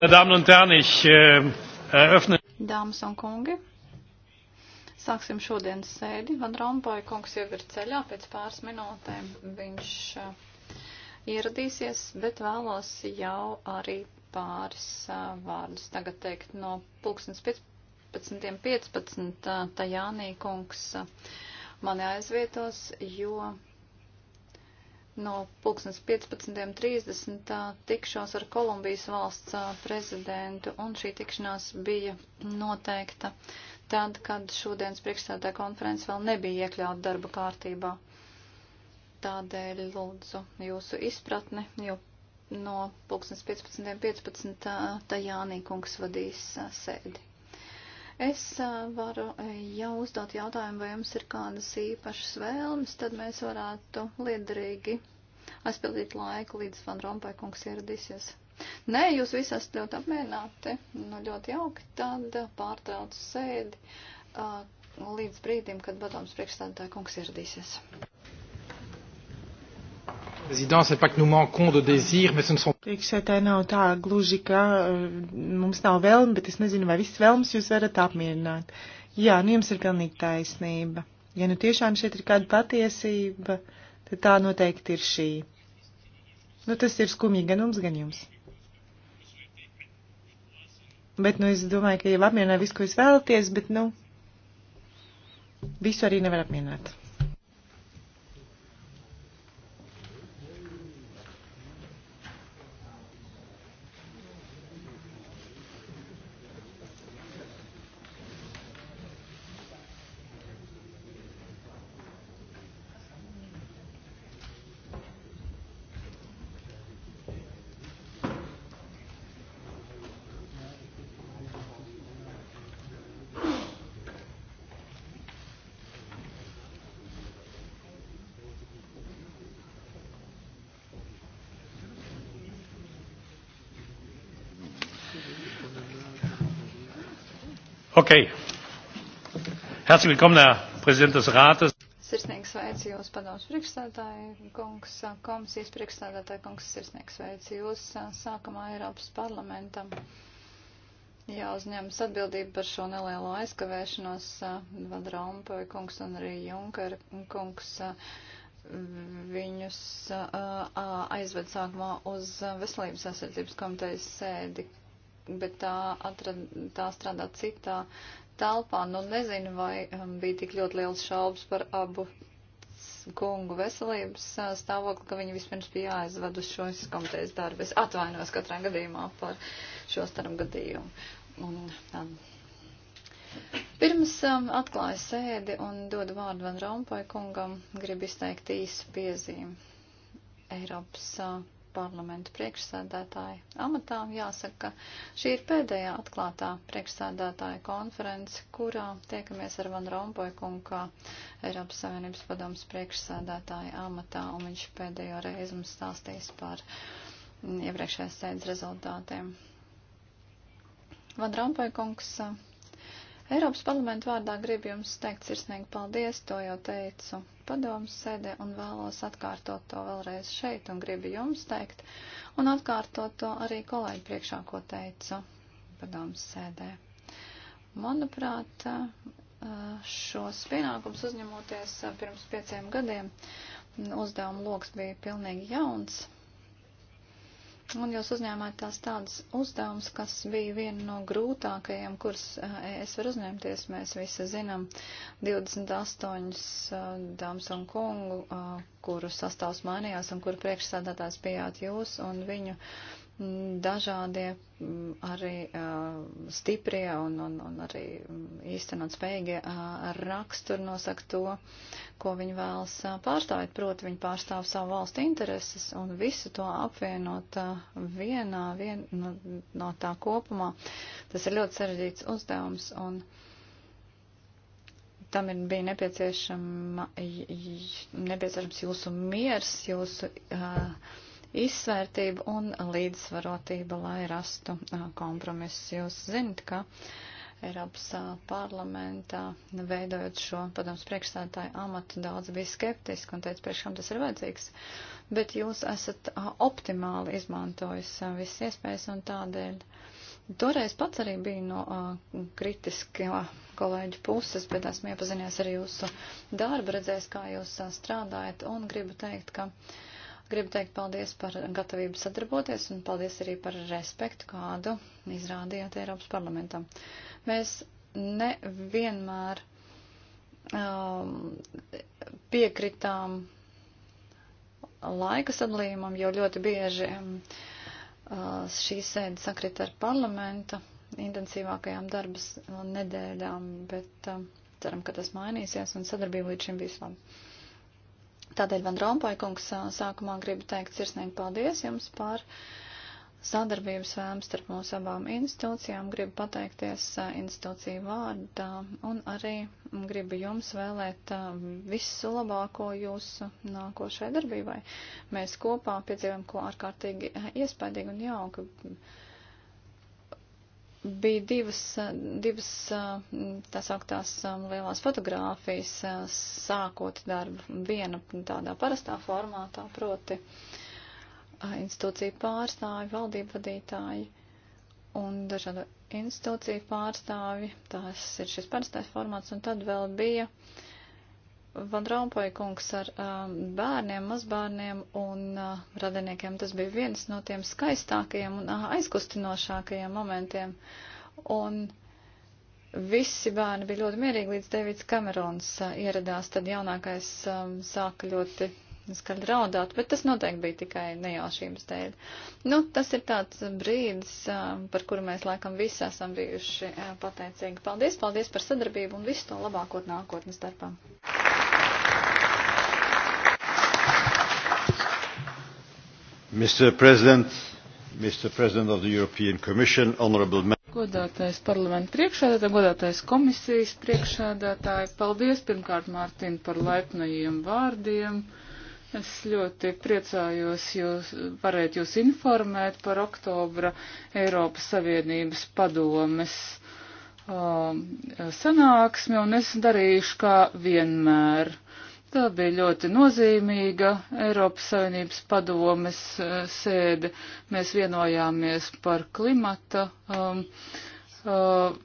Äh, Dāmas un kungi, sāksim šodienas sēdi. Van Rompoja kungs jau ir ceļā, pēc pāris minūtēm viņš uh, ieradīsies, bet vēlos jau arī pāris uh, vārdus tagad teikt no 15.15. 15. Uh, Tajānī kungs mani aizvietos, jo no 15.30 tikšos ar Kolumbijas valsts prezidentu, un šī tikšanās bija noteikta tad, kad šodienas priekšstādā konferences vēl nebija iekļauta darba kārtībā. Tādēļ lūdzu jūsu izpratni, jo no 15.15. 15. 15. Tajānī kungs vadīs sēdi. Es varu jau uzdot jautājumu, vai jums ir kādas īpašas vēlmes, tad mēs varētu liederīgi aizpildīt laiku, līdz Van Rompai kungs ieradīsies. Nē, jūs visi esat ļoti apmierināti, nu ļoti jauki, tad pārtraucu sēdi līdz brīdim, kad padoms priekšstādātāja kungs ieradīsies. Priekšsētāji nav tā gluži, ka eh, mums nav vēlme, bet es nezinu, vai viss vēlms jūs varat apmierināt. Jā, nu jums ir pilnīgi taisnība. Ja nu tiešām šeit ir kāda patiesība, tad tā noteikti ir šī. Nu, tas ir skumji gan mums, gan jums. Bet, nu, es domāju, ka jau apmierināju visu, ko jūs vēlaties, bet, nu, visu arī nevar apmierināt. Okay. Herzlich willkommen, Herr Präsident des Rates. Sirsnīgs sveic jūs, padoms priekšstādāji, kungs, komisijas priekšstādātāji, kungs, sirsnīgs sveic jūs sākumā Eiropas parlamentam. Jāuzņemas atbildība par šo nelielo aizkavēšanos, Van Rompuy kungs un arī Junker kungs viņus aizved sākumā uz veselības aizsardzības komitejas sēdi, bet tā, atrad, tā strādā citā telpā. Nu, nezinu, vai um, bija tik ļoti liels šaubas par abu kungu veselības uh, stāvokli, ka viņi vispirms bija jāaizved uz šos komitejas darbu. Es atvainos katrā gadījumā par šo starp gadījumu. Un, un, um, Pirms um, atklāju sēdi un dodu vārdu Van Rompai kungam, gribu izteikt īsu piezīmi. Eiropas uh, parlamentu priekšsēdētāju amatā. Jāsaka, ka šī ir pēdējā atklātā priekšsēdētāja konference, kurā tiekamies ar Van Rompuy kungu kā Eiropas Savienības padomas priekšsēdētāja amatā, un viņš pēdējo reizi mums stāstīs par iepriekšējās sēdes rezultātiem. Van Rompuy kungs Eiropas parlamentu vārdā gribu jums teikt sirsnīgi paldies, to jau teicu padomus sēdē un vēlos atkārtot to vēlreiz šeit un gribu jums teikt un atkārtot to arī kolēģi priekšā, ko teicu padomus sēdē. Manuprāt, šos pienākums uzņemoties pirms pieciem gadiem, uzdevuma loks bija pilnīgi jauns Un jūs uzņēmāt tās tādas uzdevumus, kas bija viena no grūtākajiem, kuras eh, es varu uzņemties. Mēs visi zinām 28 eh, dāmas un kungu, eh, kuru sastāvs mainījās un kuru priekšsādātājs bijāt jūs, un viņu dažādie mm, arī uh, stiprie un, un, un arī mm, īstenot spējīgie uh, raksturi nosaka to, ko viņi vēlas uh, pārstāvēt. Proti, viņi pārstāv savu valstu intereses un visu to apvienot uh, vienā, vien, no, nu, no tā kopumā. Tas ir ļoti sarežģīts uzdevums un tam ir bija nepieciešama, nepieciešams jūsu miers, jūsu. Uh, izsvērtība un līdzsvarotība, lai rastu kompromisus. Jūs zinat, ka Eiropas parlamentā, veidojot šo padomus priekšstādātāju amatu, daudz bija skeptiski un teica, priekš kam tas ir vajadzīgs. Bet jūs esat optimāli izmantojis visas iespējas un tādēļ. Toreiz pats arī biju no uh, kritiskā kolēģa puses, bet esmu iepazinies ar jūsu darbu, redzējis, kā jūs uh, strādājat, un gribu teikt, ka uh, Gribu teikt paldies par gatavību sadarboties un paldies arī par respektu, kādu izrādījāt Eiropas parlamentam. Mēs nevienmēr um, piekritām laika sadalījumam, jo ļoti bieži um, uh, šī sēde sakrita ar parlamenta intensīvākajām darbas nedēļām, bet um, ceram, ka tas mainīsies un sadarbība līdz šim bija laba. Tādēļ, Van Rompuy kungs, sākumā gribu teikt sirsnīgi paldies jums par sadarbības vēmu starp mūsu abām institūcijām. Gribu pateikties institūciju vārdā un arī gribu jums vēlēt visu labāko jūsu nākošai darbībai. Mēs kopā piedzīvojam ko ārkārtīgi iespaidīgi un jauki bija divas, divas tā sauktās um, lielās fotogrāfijas, uh, sākot darbu viena tādā parastā formātā, proti uh, institūcija pārstāvi, valdību vadītāji un dažādu institūciju pārstāvi. Tās ir šis parastais formāts, un tad vēl bija uh, Van Rompuy kungs ar um, bērniem, mazbērniem un uh, radiniekiem tas bija viens no tiem skaistākajiem un uh, aizkustinošākajiem momentiem. Un visi bērni bija ļoti mierīgi, līdz Davids Kamerons uh, ieradās, tad jaunākais um, sāka ļoti skaļi raudāt, bet tas noteikti bija tikai nejaušības dēļ. Nu, tas ir tāds brīdis, uh, par kuru mēs laikam visi esam bijuši uh, pateicīgi. Paldies, paldies par sadarbību un visu to labākot nākotnes darbam. Mr. President, Mr. President of the European Commission, honorable members. Godātais parlamenta priekšādātāji, godātais komisijas priekšādātāji, paldies pirmkārt Mārtiņ par laipnajiem vārdiem. Es ļoti priecājos jūs, varēt jūs informēt par oktobra Eiropas Savienības padomes um, sanāksmi, un es darīšu kā vienmēr. Tā bija ļoti nozīmīga Eiropas Savienības padomes eh, sēde. Mēs vienojāmies par klimata, um, uh,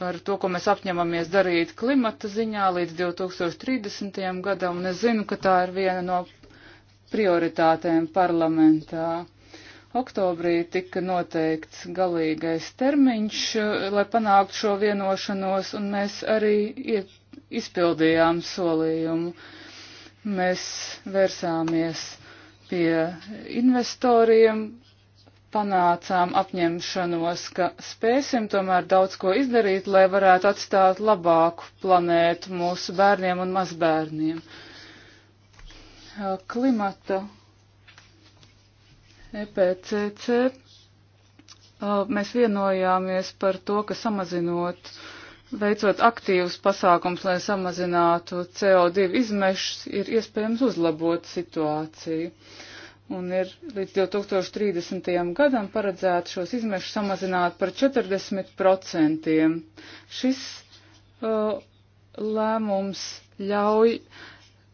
par to, ko mēs apņemamies darīt klimata ziņā līdz 2030. gadam, un es zinu, ka tā ir viena no prioritātēm parlamentā. Oktobrī tika noteikts galīgais termiņš, eh, lai panāktu šo vienošanos, un mēs arī iet izpildījām solījumu. Mēs vērsāmies pie investoriem, panācām apņemšanos, ka spēsim tomēr daudz ko izdarīt, lai varētu atstāt labāku planētu mūsu bērniem un mazbērniem. Klimata EPCC mēs vienojāmies par to, ka samazinot uh, Veicot aktīvus pasākums, lai samazinātu CO2 izmešus, ir iespējams uzlabot situāciju. Un ir līdz 2030. gadam paredzēts šos izmešus samazināt par 40%. Šis uh, lēmums ļauj uh,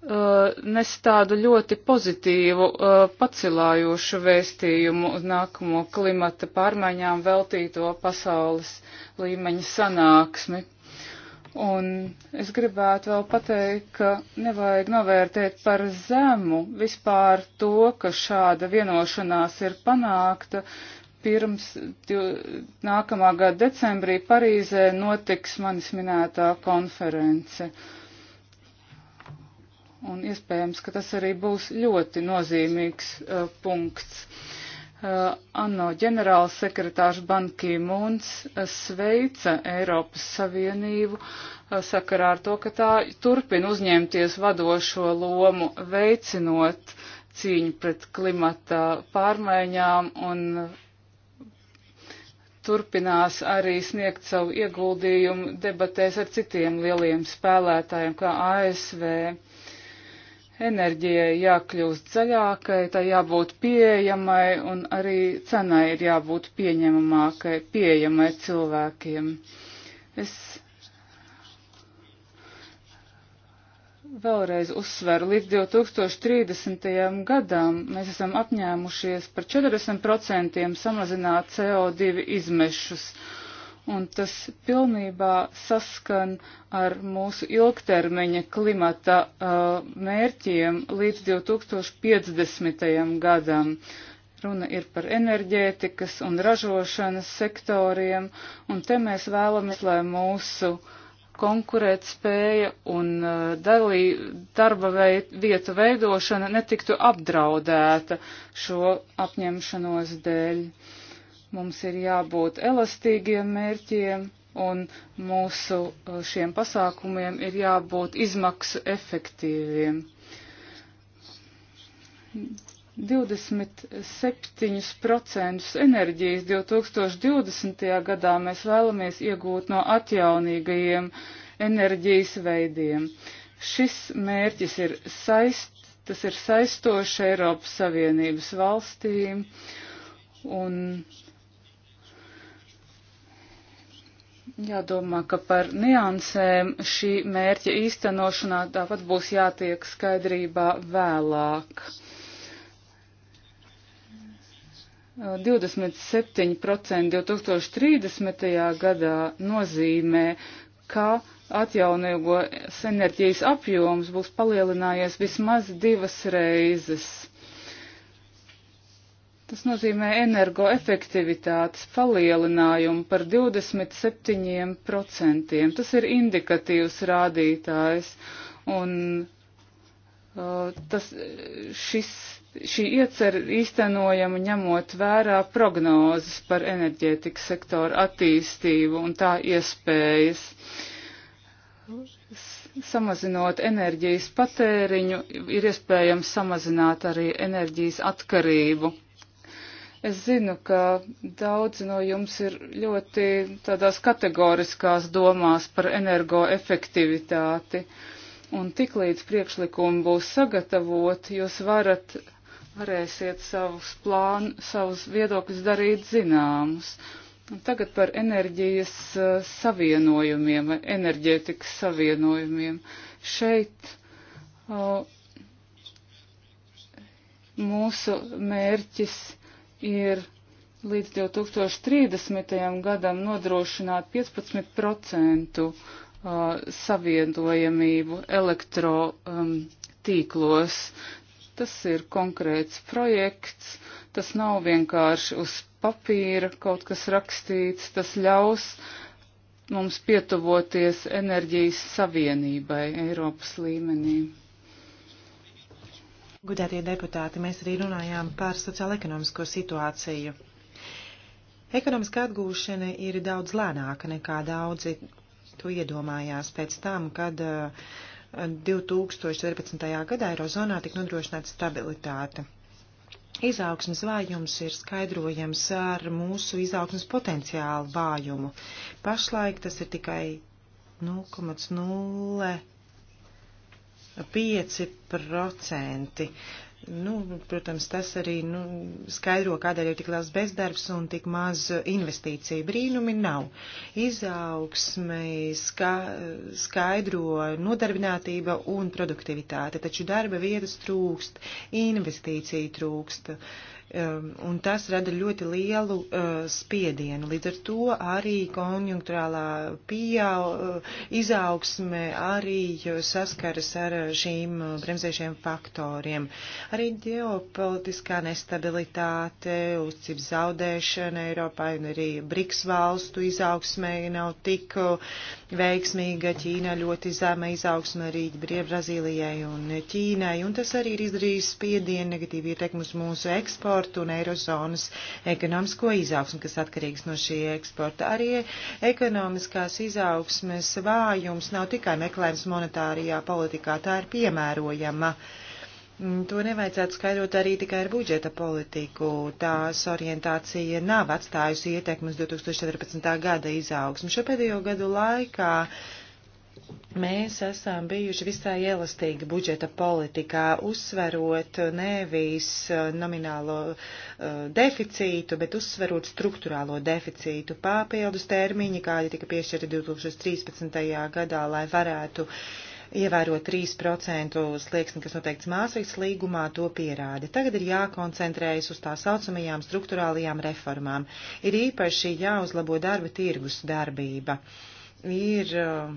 Uh, nes tādu ļoti pozitīvu, uh, pacilājošu vēstījumu uz nākamo klimata pārmaiņām veltīto pasaules līmeņa sanāksmi. Un es gribētu vēl pateikt, ka nevajag novērtēt par zemu vispār to, ka šāda vienošanās ir panākta. Pirms nākamā gada decembrī Parīzē notiks manis minētā konference. Uh, un iespējams, ka tas arī būs ļoti nozīmīgs uh, punkts. Uh, ANO ģenerāls sekretārs Bankī Mūns uh, sveica Eiropas Savienību uh, sakarā ar to, ka tā turpina uzņemties vadošo lomu, veicinot cīņu pret klimata pārmaiņām un turpinās arī sniegt savu ieguldījumu debatēs ar citiem lieliem spēlētājiem, kā ASV enerģijai jākļūst zaļākai, tai jābūt pieejamai un arī cenai ir jābūt pieņemamākai, pieejamai cilvēkiem. Es vēlreiz uzsveru, līdz 2030. gadam mēs esam apņēmušies par 40% samazināt CO2 izmešus un tas pilnībā saskan ar mūsu ilgtermiņa klimata uh, mērķiem līdz 2050. gadam. Runa ir par enerģētikas un ražošanas sektoriem, un te mēs vēlamies, lai mūsu konkurētspēja un uh, dalī, darba veid, vietu veidošana netiktu apdraudēta šo apņemšanos dēļ. Uh, Mums ir jābūt elastīgiem mērķiem un mūsu uh, šiem pasākumiem ir jābūt izmaksu efektīviem. 27% enerģijas 2020. gadā mēs vēlamies iegūt no atjaunīgajiem enerģijas veidiem. Šis mērķis ir, saist, ir saistošs Eiropas Savienības valstīm un uh, Jādomā, ka par niansēm šī mērķa īstenošanā tāpat būs jātiek skaidrībā vēlāk. 27% 2030. gadā nozīmē, ka atjaunīgo enerģijas apjoms būs palielinājies vismaz divas reizes. Tas nozīmē energoefektivitātes palielinājumu par 27%. Tas ir indikatīvs rādītājs, un uh, tas, šis, šī iecer īstenojama ņemot vērā prognozes par enerģētikas sektoru attīstību un tā iespējas. Samazinot enerģijas patēriņu, ir iespējams samazināt arī enerģijas atkarību Es zinu, ka daudzi no jums ir ļoti tādās kategoriskās domās par energoefektivitāti. Un tiklīdz priekšlikumi būs sagatavoti, jūs varat, varēsiet savus plānus, savus viedokļus darīt zināmus. Un tagad par enerģijas uh, savienojumiem vai enerģētikas savienojumiem. Šeit uh, mūsu mērķis ir līdz 2030. gadam nodrošināt 15% uh, savienojamību elektrotīklos. Um, tas ir konkrēts projekts, tas nav vienkārši uz papīra kaut kas rakstīts, tas ļaus mums pietuvoties enerģijas savienībai Eiropas līmenī. Gudētie deputāti, mēs arī runājām par sociālo-ekonomisko situāciju. Ekonomiskā atgūšana ir daudz lēnāka nekā daudzi to iedomājās pēc tam, kad uh, eh, 2014. gadā Eirozonā tika nodrošināta stabilitāte. Izaugsmas vājums ir skaidrojams ar mūsu izaugsmas potenciālu vājumu. Pašlaik tas ir tikai 0,0 5%. Nu, protams, tas arī nu, skaidro, kādēļ ir tik liels bezdarbs un tik maz investīciju. Brīnumi nav. Izaugsme ska, skaidro nodarbinātība un produktivitāte, taču darba vietas trūkst, investīcija trūkst. Uh, Um, un tas rada ļoti lielu uh, spiedienu. Līdz ar to arī konjunkturālā pieau, uh, izaugsme arī saskaras ar uh, šīm uh, bremzēšiem faktoriem. Arī ģeopolitiskā nestabilitāte, uzcības zaudēšana Eiropā un arī Briks valstu izaugsme nav tik uh, veiksmīga Ķīna, ļoti zema izaugsme arī Brazīlijai un Ķīnai, un tas arī ir izdarījis spiedienu negatīvi ietekmi uz mūsu eksportu un eirozonas ekonomisko izaugsmu, kas atkarīgs no šī eksporta. Arī ekonomiskās izaugsmes vājums nav tikai meklējums monetārijā politikā, tā ir piemērojama. Uh, Mm, to nevajadzētu skaidrot arī tikai ar budžeta politiku. Tās orientācija nav atstājusi ietekmes 2014. gada izaugsmu. Šo pēdējo gadu laikā Mēs esam bijuši visai elastīgi budžeta politikā, uzsverot nevis eh, nominālo uh, deficītu, bet uzsverot struktūrālo deficītu papildus termiņi, kādi tika piešķirti 2013. gadā, lai varētu uh, ievēro 3% slieksni, kas noteikts Māsrīgas līgumā, to pierāda. Tagad ir jākoncentrējas uz tā saucamajām struktūrālajām reformām. Ir īpaši jāuzlabo darba tirgus darbība. Ir uh,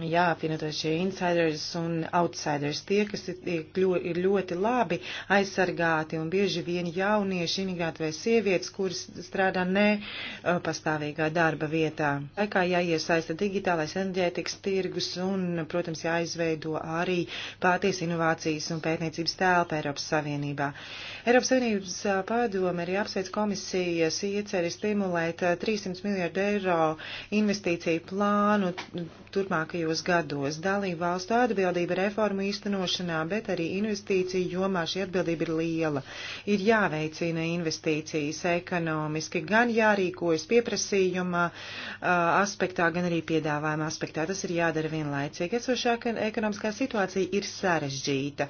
jāapvienoto šie insiders un outsiders, tie, kas ir, ir ļoti labi aizsargāti un bieži vien jaunieši, imigrāti vai sievietes, kuras strādā ne uh, pastāvīgā darba vietā. Laikā jāiesaista digitālais enerģētikas tirgus un, protams, jāizveido arī pāties inovācijas un pētniecības telpa Eiropas Savienībā. Eiropas Savienības uh, padome arī apsveic komisijas ieceri stimulēt 300 uh, miljardu eiro investīciju plānu turpmākajos gados. Dalība valstu atbildība reformu īstenošanā, bet arī investīciju jomā šī atbildība ir liela. Ir jāveicina investīcijas ekonomiski, gan jārīkojas pieprasījuma aspektā, gan arī piedāvājuma aspektā. Tas ir jādara vienlaicīgi. Esošā ekonomiskā situācija ir sarežģīta,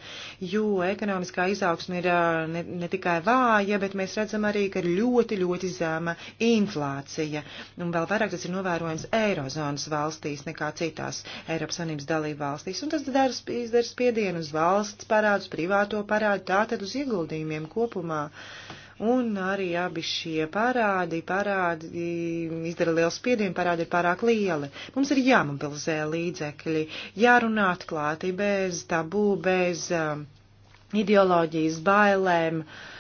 jo ekonomiskā izaugsme ir ne, ne tikai vāja, bet mēs redzam arī, ka ir ļoti, ļoti zema inflācija. Un vēl vairāk tas ir novērojams Eirozonas valstīs nekā citās Eiropas Savienības dalību valstīs, un tas dars, izdara spiedienu uz valsts parādu, privāto parādu, tātad uz ieguldījumiem kopumā. Un arī abi šie parādi, parādi izdara lielu spiedienu, parādi ir pārāk lieli. Mums ir jāmobilizē līdzekļi, jārunā atklāti, bez tabū, bez um, ideoloģijas bailēm. Uh,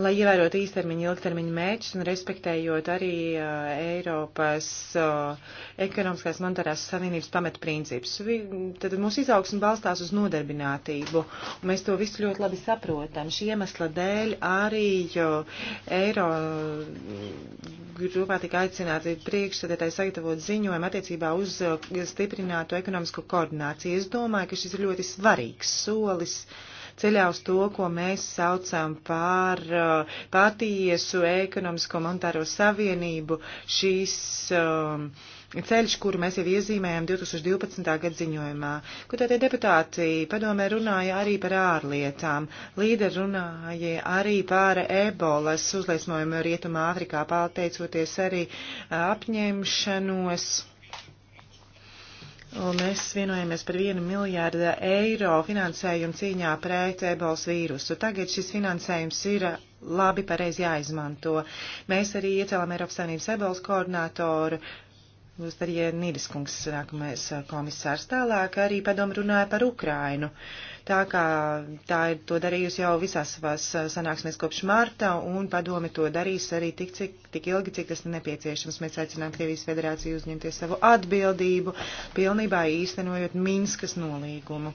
lai ievērotu īstermiņa, ilgtermiņa mērķus un respektējot arī uh, Eiropas uh, ekonomiskās monetārās savienības pamatprincipus. Tad mūsu izaugsme balstās uz nodarbinātību, un mēs to visu ļoti labi saprotam. Šī iemesla dēļ arī uh, Eiro uh, grupā tika aicināti priekšsēdētāji sagatavot ziņojumu attiecībā uz uh, stiprināto ekonomisko koordināciju. Es domāju, ka šis ir ļoti svarīgs solis. Uh, ceļā uz to, ko mēs saucam par uh, patiesu ekonomisko monetāro savienību. Šīs, um, ceļš, kuru mēs jau iezīmējām 2012. gada ziņojumā. Kutētie deputāti padomē runāja arī par ārlietām, līderi runāja arī par ebolas uzliesmojumu Rietumā Āfrikā, pateicoties arī apņemšanos Un mēs vienojamies par 1 miljārdu eiro finansējumu cīņā pret ebolas vīrusu. Tagad šis finansējums ir labi pareizi jāizmanto. Mēs arī iecēlām Eiropas Savienības ebolas koordinātoru. Būs arī Nīdiskungs nākamais eh, komisārs tālāk, arī padomu runāja par Ukrainu. Uh, tā kā tā ir to darījusi jau visās savās uh, sanāksmēs kopš marta, un padome to darīs arī tik, cik, tik ilgi, cik tas nepieciešams. Mēs aicinām Krievijas federāciju uzņemties savu atbildību, pilnībā īstenojot Minskas nolīgumu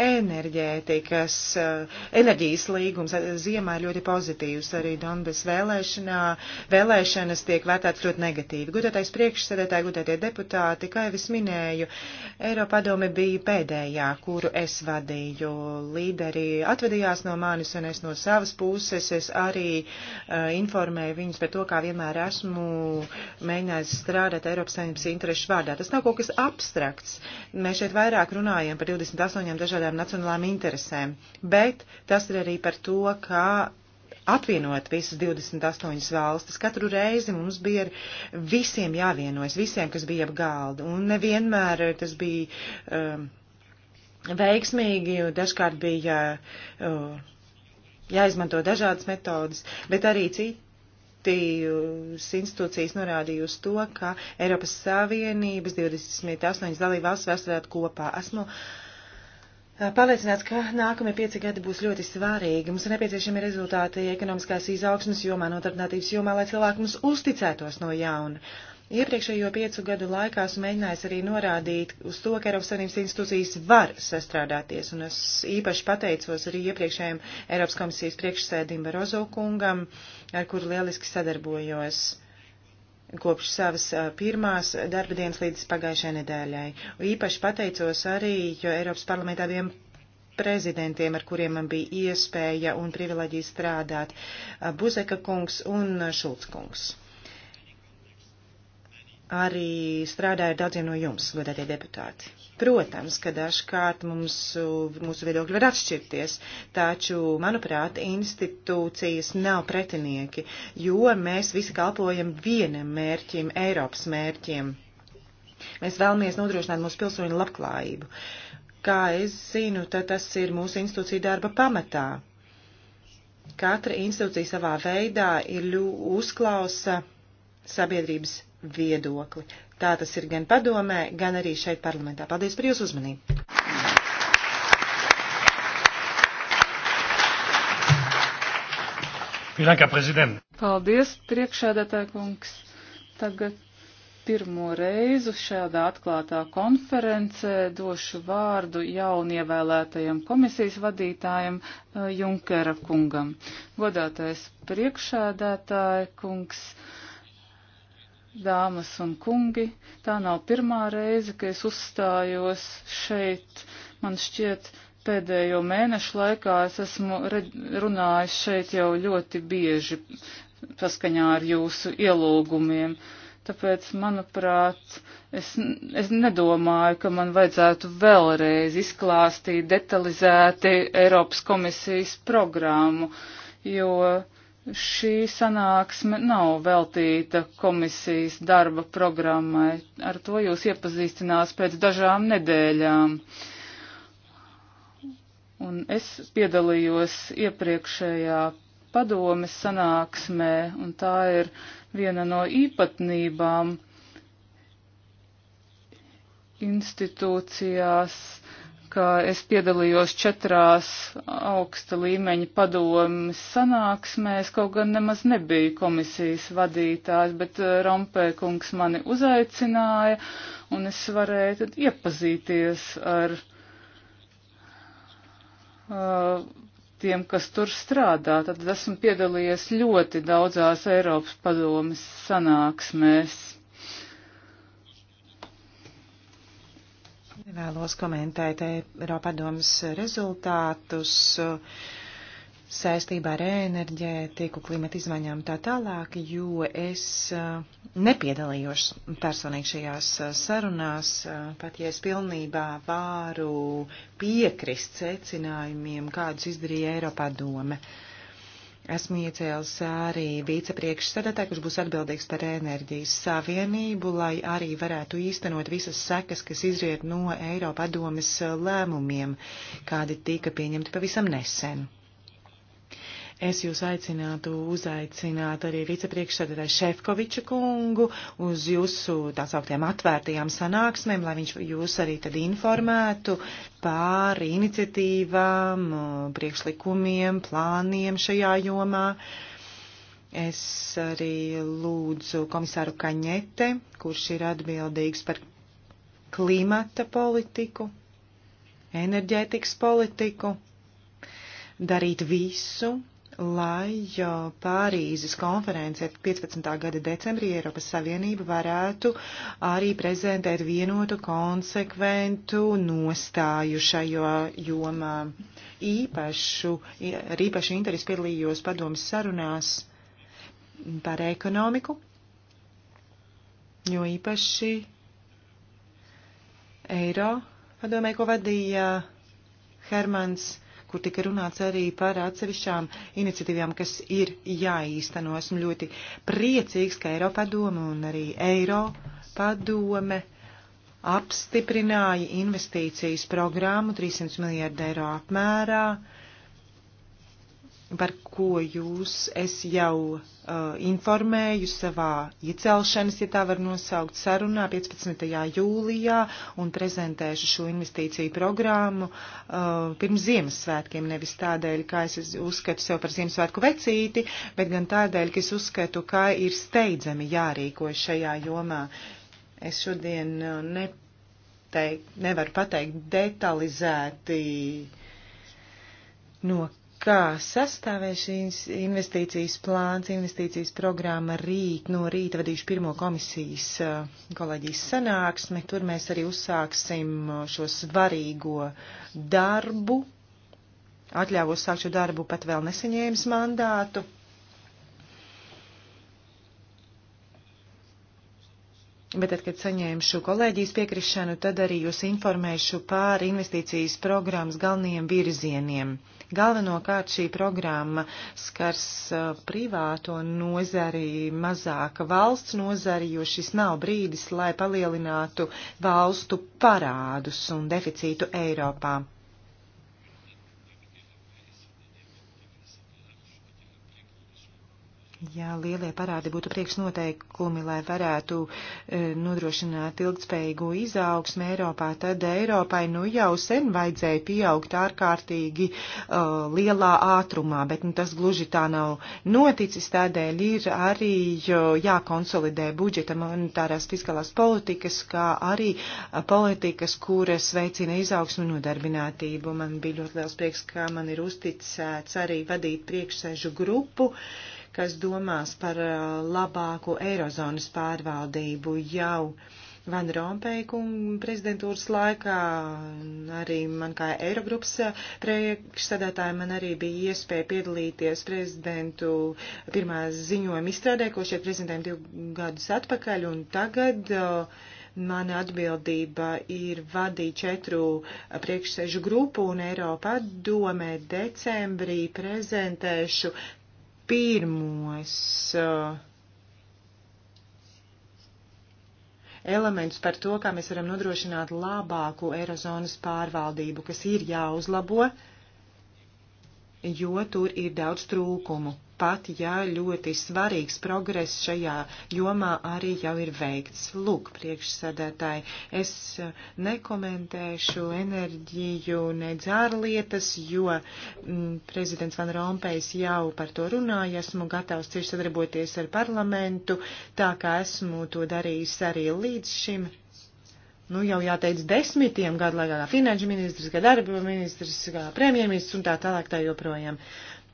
enerģētikas, eh, enerģijas līgums eh, ziemā ir ļoti pozitīvs. Arī Donbas vēlēšanā vēlēšanas tiek vērtētas ļoti negatīvi. Gudētais priekšsēdētāji, gudētie deputāti, kā jau es minēju, Eiropadome bija pēdējā, kuru es vadīju. Līderi atvadījās no manis un es no savas puses. Es arī uh, informēju viņus par to, kā vienmēr esmu mēģinājis strādāt Eiropas saimnības interešu vārdā. Tas nav kaut kas abstrakts. Mēs šeit vairāk runājam par 28 dažādām dažādām nacionālām interesēm, bet tas ir arī par to, kā apvienot visas 28 valstis. Katru reizi mums bija visiem jāvienojas, visiem, kas bija ap galdu, un nevienmēr tas bija um, veiksmīgi, dažkārt bija uh, jāizmanto dažādas metodas, bet arī citi valstīs uh, institūcijas norādīja uz to, ka Eiropas Savienības 28 dalībvalsts vēsturētu kopā. Esmu Pārliecināts, ka nākamie pieci gadi būs ļoti svarīgi. Mums ir nepieciešami rezultāti ekonomiskās izaugsmas jomā, notarbinātības jomā, lai cilvēki mums uzticētos no jauna. Iepriekšējo piecu gadu laikā esmu mēģinājis arī norādīt uz to, ka Eiropas Savienības institūcijas var sastrādāties, un es īpaši pateicos arī iepriekšējiem Eiropas komisijas priekšsēdim Barozo kungam, ar kuru lieliski sadarbojos kopš savas pirmās darba dienas līdz pagājušajai nedēļai. Īpaši pateicos arī Eiropas parlamentā abiem prezidentiem, ar kuriem man bija iespēja un privileģija strādāt - Buzeka kungs un Šulc kungs. Arī strādāju ar daudziem no jums, godātie deputāti. Protams, ka dažkārt mums, mūsu viedokļi var atšķirties, taču, manuprāt, institūcijas nav pretinieki, jo mēs visi kalpojam vienam mērķim, Eiropas mērķim. Mēs vēlamies nodrošināt mūsu pilsoņu labklājību. Kā es zinu, tad tas ir mūsu institūcija darba pamatā. Katra institūcija savā veidā ir uzklausa sabiedrības viedokli. Tā tas ir gan padomē, gan arī šeit parlamentā. Paldies par jūsu uzmanību! Paldies, priekšēdētāja kungs. Tagad pirmo reizi šādā atklātā konferencē došu vārdu jaunievēlētajam komisijas vadītājam eh, Junkera kungam. Godātais priekšēdētāja kungs dāmas un kungi, tā nav pirmā reize, ka es uzstājos šeit. Man šķiet, pēdējo mēnešu laikā es esmu runājis šeit jau ļoti bieži saskaņā ar jūsu ielūgumiem. Tāpēc, manuprāt, es, es nedomāju, ka man vajadzētu vēlreiz izklāstīt detalizēti Eiropas komisijas programmu, jo uh, Šī sanāksme nav veltīta komisijas darba programmai. Ar to jūs iepazīstinās pēc dažām nedēļām. Un es piedalījos iepriekšējā padomes sanāksmē, un tā ir viena no īpatnībām institūcijās ka es piedalījos četrās augsta līmeņa padomas sanāksmēs, kaut gan nemaz nebija komisijas vadītājs, bet eh, Rompēkungs mani uzaicināja un es varēju tad iepazīties ar uh, tiem, kas tur strādā. Tad esmu piedalījies ļoti daudzās Eiropas padomas sanāksmēs. Vēlos komentēt Eiropadomas rezultātus uh, saistībā ar enerģētiku, klimata izmaiņām tā tālāk, jo es uh, nepiedalījos personīgi šajās uh, sarunās, pat ja es pilnībā vāru piekrist secinājumiem, kādus izdarīja Eiropadome. doma. Esmu iecēlis arī vicepriekšsēdētāju, kurš būs atbildīgs par enerģijas savienību, lai arī varētu īstenot visas sekas, kas izriet no Eiropadomes lēmumiem, kādi tika pieņemti pavisam nesen. Es jūs aicinātu uzaicināt arī vicepriekšsēdētāju Šefkoviču kungu uz jūsu tā sauktiem atvērtajām sanāksmēm, lai viņš jūs arī tad informētu pār iniciatīvām, priekšlikumiem, plāniem šajā jomā. Es arī lūdzu komisāru Kaņete, kurš ir atbildīgs par klimata politiku, enerģētikas politiku, darīt visu, lai Pārīzes konferencē 15. gada decembrī Eiropas Savienība varētu arī prezentēt vienotu konsekventu nostāju šajā jomā. Īpašu, ar īpašu interesi piedalījos padomas sarunās par ekonomiku, jo īpaši Eiro padomē, ko vadīja Hermans kur tika runāts arī par atsevišķām iniciatīvām, kas ir jāīsteno. Esmu ļoti priecīgs, ka Eiropadome un arī Eiropadome apstiprināja investīcijas programmu 300 miljārdu eiro apmērā par ko jūs es jau uh, informēju savā iecelšanas, ja tā var nosaukt, sarunā 15. jūlijā un prezentēšu šo investīciju programmu uh, pirms Ziemassvētkiem, nevis tādēļ, ka es uzskatu sev par Ziemassvētku vecīti, bet gan tādēļ, ka es uzskatu, ka ir steidzami jārīkojas šajā jomā. Es šodien uh, neteik, nevaru pateikt detalizēti, no kā sastāvēs šīs investīcijas plāns, investīcijas programma rīt. No rīta vadīšu pirmo komisijas uh, kolēģijas sanāksmi. Tur mēs arī uzsāksim uh, šo svarīgo darbu. Atļāvos sākt šo darbu pat vēl nesaņēmis mandātu. Bet tad, kad saņēmušu kolēģijas piekrišanu, tad arī jūs informēšu pār investīcijas programmas galvenajiem virzieniem. Galvenokārt šī programma skars privāto nozari, mazāka valsts nozari, jo šis nav brīdis, lai palielinātu valstu parādus un deficītu Eiropā. Jā, lielie parādi būtu priekšnoteikumi, lai varētu e, nodrošināt ilgtspējīgu izaugsmu Eiropā, tad Eiropai nu jau sen vajadzēja pieaugt ārkārtīgi e, lielā ātrumā, bet nu, tas gluži tā nav noticis, tādēļ ir arī jo, jākonsolidē budžeta monetārās fiskalās politikas, kā arī e, politikas, kuras veicina izaugsmu un nodarbinātību. Man bija ļoti liels prieks, ka man ir uzticēts arī vadīt priekšsēžu grupu. Uh, kas domās par labāku eirozonas pārvaldību jau. Van Rompēja kunga prezidentūras laikā, arī man kā Eirogrupas priekšsēdētāja, man arī bija iespēja piedalīties prezidentu pirmā ziņojuma izstrādē, ko šie prezidentiem divu gadus atpakaļ, un tagad mana atbildība ir vadīt četru priekšsēžu grupu, un Eiropā domē decembrī prezentēšu pirmos uh, elementus par to, kā mēs varam nodrošināt labāku Eirozonas pārvaldību, kas ir jāuzlabo, jo tur ir daudz trūkumu pat ja ļoti svarīgs progress šajā jomā arī jau ir veikts. Lūk, priekšsēdētāji, es eh, nekomentēšu enerģiju nedz ārlietas, jo m, mm, prezidents Van Rompējs jau par to runāja, esmu gatavs cieši sadarboties ar parlamentu, tā kā esmu to darījis arī līdz šim nu, jau jāteic desmitiem gadu laikā, kā finanšu ministrs, kā darba ministrs, kā premjerministrs un tā tālāk tā joprojām.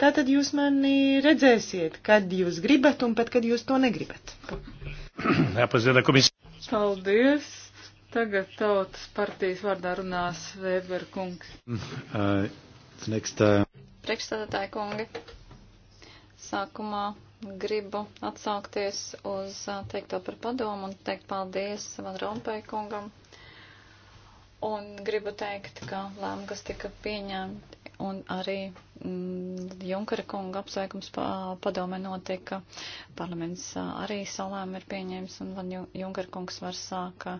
Tātad jūs mani redzēsiet, kad jūs gribat un pat, kad jūs to negribat. Paldies! Tagad tautas partijas vārdā runās Vēber kungs. Mm, uh, uh... Priekšstādātāji kungi, sākumā gribu atsaukties uz uh, teikto par padomu un teikt paldies Van Rompēj kungam Un gribu teikt, ka lēma, kas tika pieņemta un arī mm, Junkara kunga apsveikums pa, padomē notika, parlaments arī savu lēmu ir pieņēmis un Van Junkara kungs var sāka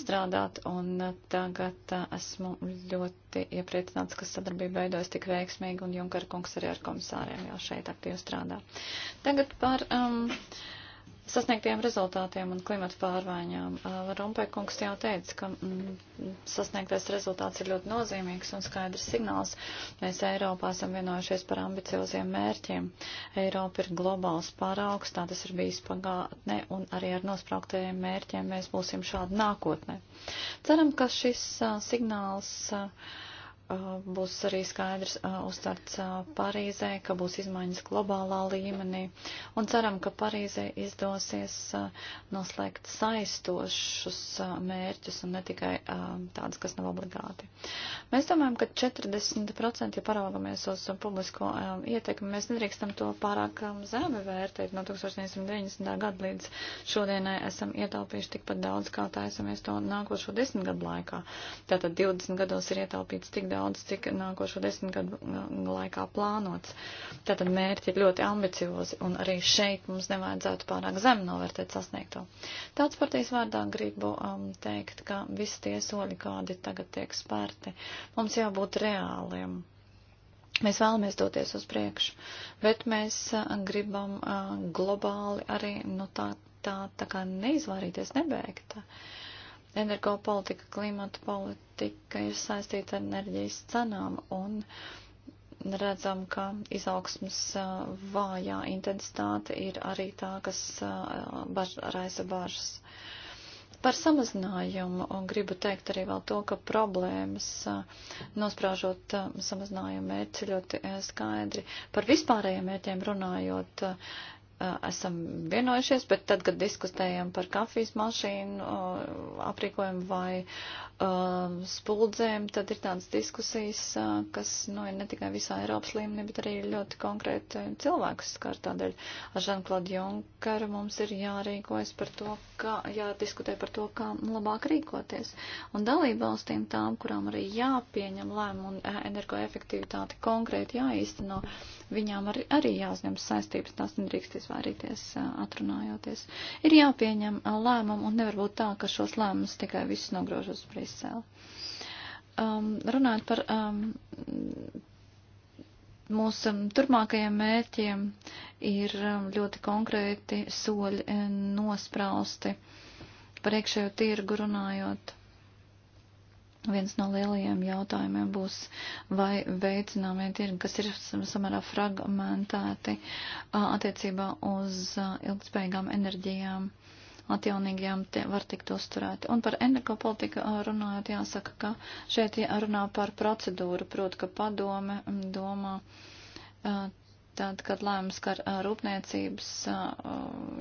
strādāt un tagad esmu ļoti iepriecināts, ka sadarbība veidojas tik veiksmīgi un Junkara kungs arī ar komisāriem jau šeit aktīvi strādā. Tagad par. Um, sasniegtiem rezultātiem un klimata pārmaiņām. Rompēkungs jau teica, ka mm, sasniegtais rezultāts ir ļoti nozīmīgs un skaidrs signāls. Mēs Eiropā esam vienojušies par ambicioziem mērķiem. Eiropa ir globāls paraugs, tā tas ir bijis pagātne, un arī ar nospraugtajiem mērķiem mēs būsim šādi nākotnē. Ceram, ka šis signāls. Uh, Uh, būs arī skaidrs uh, uzstarts uh, Parīzē, ka būs izmaiņas globālā līmenī, un ceram, ka Parīzē izdosies noslēgt saistošus mērķus un ne tikai tādus, kas nav obligāti. Mēs domājam, ka 40%, ja paraugamies uz publisko um, ietekmi, mēs nedrīkstam to pārāk um, zemi vērtēt. No 1990. gada līdz šodienai esam ietaupījuši tikpat daudz, kā tā esamies to nākošo desmit gadu laikā. Tātad 20 gados ir ietaupīts tik daudz daudz, cik nākošo desmit gadu laikā plānots. Tātad mērķi ir ļoti ambiciozi, un arī šeit mums nevajadzētu pārāk zem novērtēt sasniegto. Tāds partijas vārdā gribu um, teikt, ka visi tie soļi, kādi tagad tiek spērti, mums jābūt reāliem. Mēs vēlamies doties uz priekšu, bet mēs uh, gribam uh, globāli arī nu, tā, tā, tā kā neizvairīties, nebeigt. Energopolitika, klimata politika politika ir saistīta ar enerģijas cenām un redzam, ka izaugsmas vājā intensitāte ir arī tā, kas baž, raisa bažas. Par samazinājumu gribu teikt arī vēl to, ka problēmas, nosprāžot samazinājumu mērķi ļoti skaidri, par vispārējiem mērķiem runājot, Eh, esam vienojušies, bet tad, kad diskutējam par kafijas mašīnu eh, aprīkojumu vai eh, spuldzēm, tad ir tādas diskusijas, kas nu, ir ne tikai visā Eiropas līmenī, bet arī ļoti konkrēti cilvēkus skar. Tādēļ ar Žanklodu Junkeru mums ir jārīkojas par to, kā, jādiskutē par to, kā labāk rīkoties. Un dalību valstīm tām, kurām arī jāpieņem lēmumu un energoefektivitāti konkrēti jāīsteno, viņām arī, arī jāuzņem saistības, tās nedrīksties izvairīties atrunājoties. Ir jāpieņem lēmumu un nevar būt tā, ka šos lēmumus tikai visus nogrož uz Briseli. Um, runājot par um, mūsu turpmākajiem mērķiem, ir um, ļoti konkrēti soļi nosprausti par iekšējo tirgu runājot Viens no lielajiem jautājumiem būs, vai veicināmie tirgi, kas ir samērā fragmentēti attiecībā uz ilgspējīgām enerģijām, atjaunīgajām, tie var tikt uzturēti. Un par energopolitiku runājot, jāsaka, ka šeit runā par procedūru, proti, ka padome domā Tad, kad lēmums, ka rūpniecības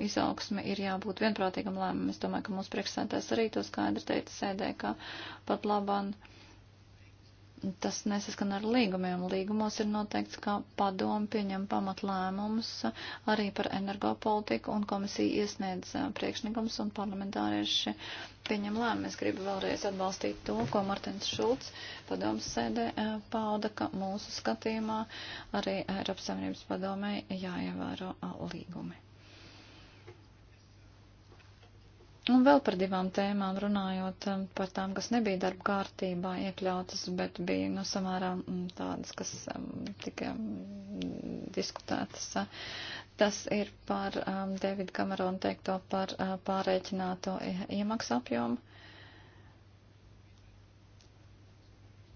izaugsme ir jābūt vienprātīgam lēmumam, es domāju, ka mūsu priekšsēdētājs arī to skaidri teica sēdē, ka pat labāk tas nesaskan ar līgumiem. Līgumos ir noteikts, ka padomu pieņem pamatlēmumus arī par energopolitiku un komisija iesniedz priekšnikums un parlamentārieši pieņem lēmumu. Es gribu vēlreiz atbalstīt to, ko Martins Šulcs padomas sēdē pauda, ka mūsu skatījumā arī Eiropas Savienības padomē jāievēro līgumi. Un vēl par divām tēmām runājot, um, par tām, kas nebija darba kārtībā iekļautas, bet bija nu, samērā mm, tādas, kas um, tika mm, diskutētas. Tas ir par um, Davida Kamerona teikto par uh, pārreikināto iemaksu apjomu.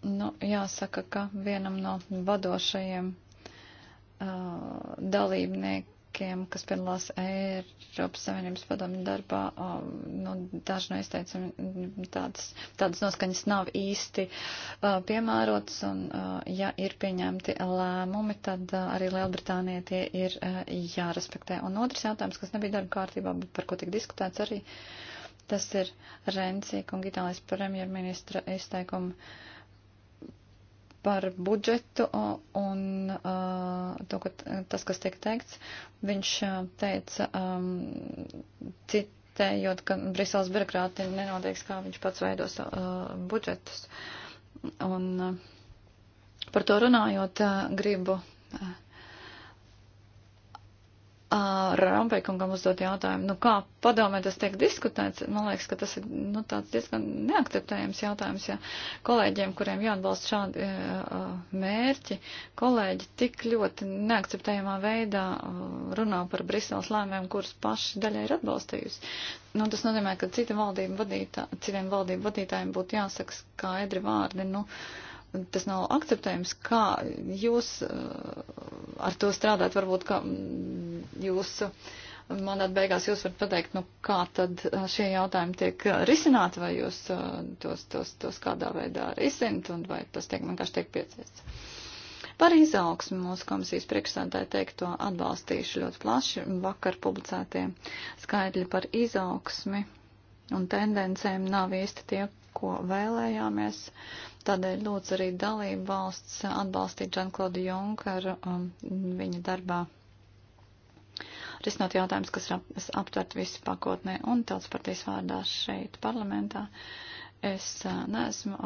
Nu, jāsaka, ka vienam no vadošajiem uh, dalībniekiem cilvēkiem, kas piedalās Eiropas Savienības padomju darbā, nu, daži no izteicumiem tādas, tādas noskaņas nav īsti piemērotas, un ja ir pieņemti lēmumi, tad arī Lielbritānija tie ir jārespektē. Un otrs jautājums, kas nebija darba kārtībā, bet par ko tik diskutēts arī, tas ir Rencija kungitālais premjerministra izteikumi par budžetu un to, ka tas, kas tiek teikts, viņš teica, citējot, ka Briseles birokrāti nenoteiks, kā viņš pats veidos budžetus. Un par to runājot, gribu Rampēkungam uzdot jautājumu, nu kā padomē tas tiek diskutēts, man liekas, ka tas ir nu, tāds diezgan neakceptējams jautājums, ja kolēģiem, kuriem jāatbalsta šādi uh, mērķi, kolēģi tik ļoti neakceptējamā veidā uh, runā par Briseles lēmēm, kuras paši daļai ir atbalstījusi. Nu, tas nozīmē, ka cita valdība vadītā, citiem valdību vadītājiem būtu jāsaka skaidri vārdi, nu, tas nav akceptējums, kā jūs uh, ar to strādāt, varbūt, ka. Mm, jūsu mandāta beigās jūs varat pateikt, nu kā tad šie jautājumi tiek risināti, vai jūs tos, tos, tos kādā veidā risinat, un vai tas tiek vienkārši tiek pieciests. Par izaugsmu mūsu komisijas priekšsēdētāji teikto atbalstīšu ļoti plaši vakar publicētie skaidri par izaugsmi un tendencēm nav īsti tie, ko vēlējāmies. Tādēļ lūdzu arī dalību valsts atbalstīt Žanklodu Junkaru um, viņa darbā risinot jautājumus, kas ir aptvert visu pakotnē un tautas partijas vārdā šeit parlamentā. Es neesmu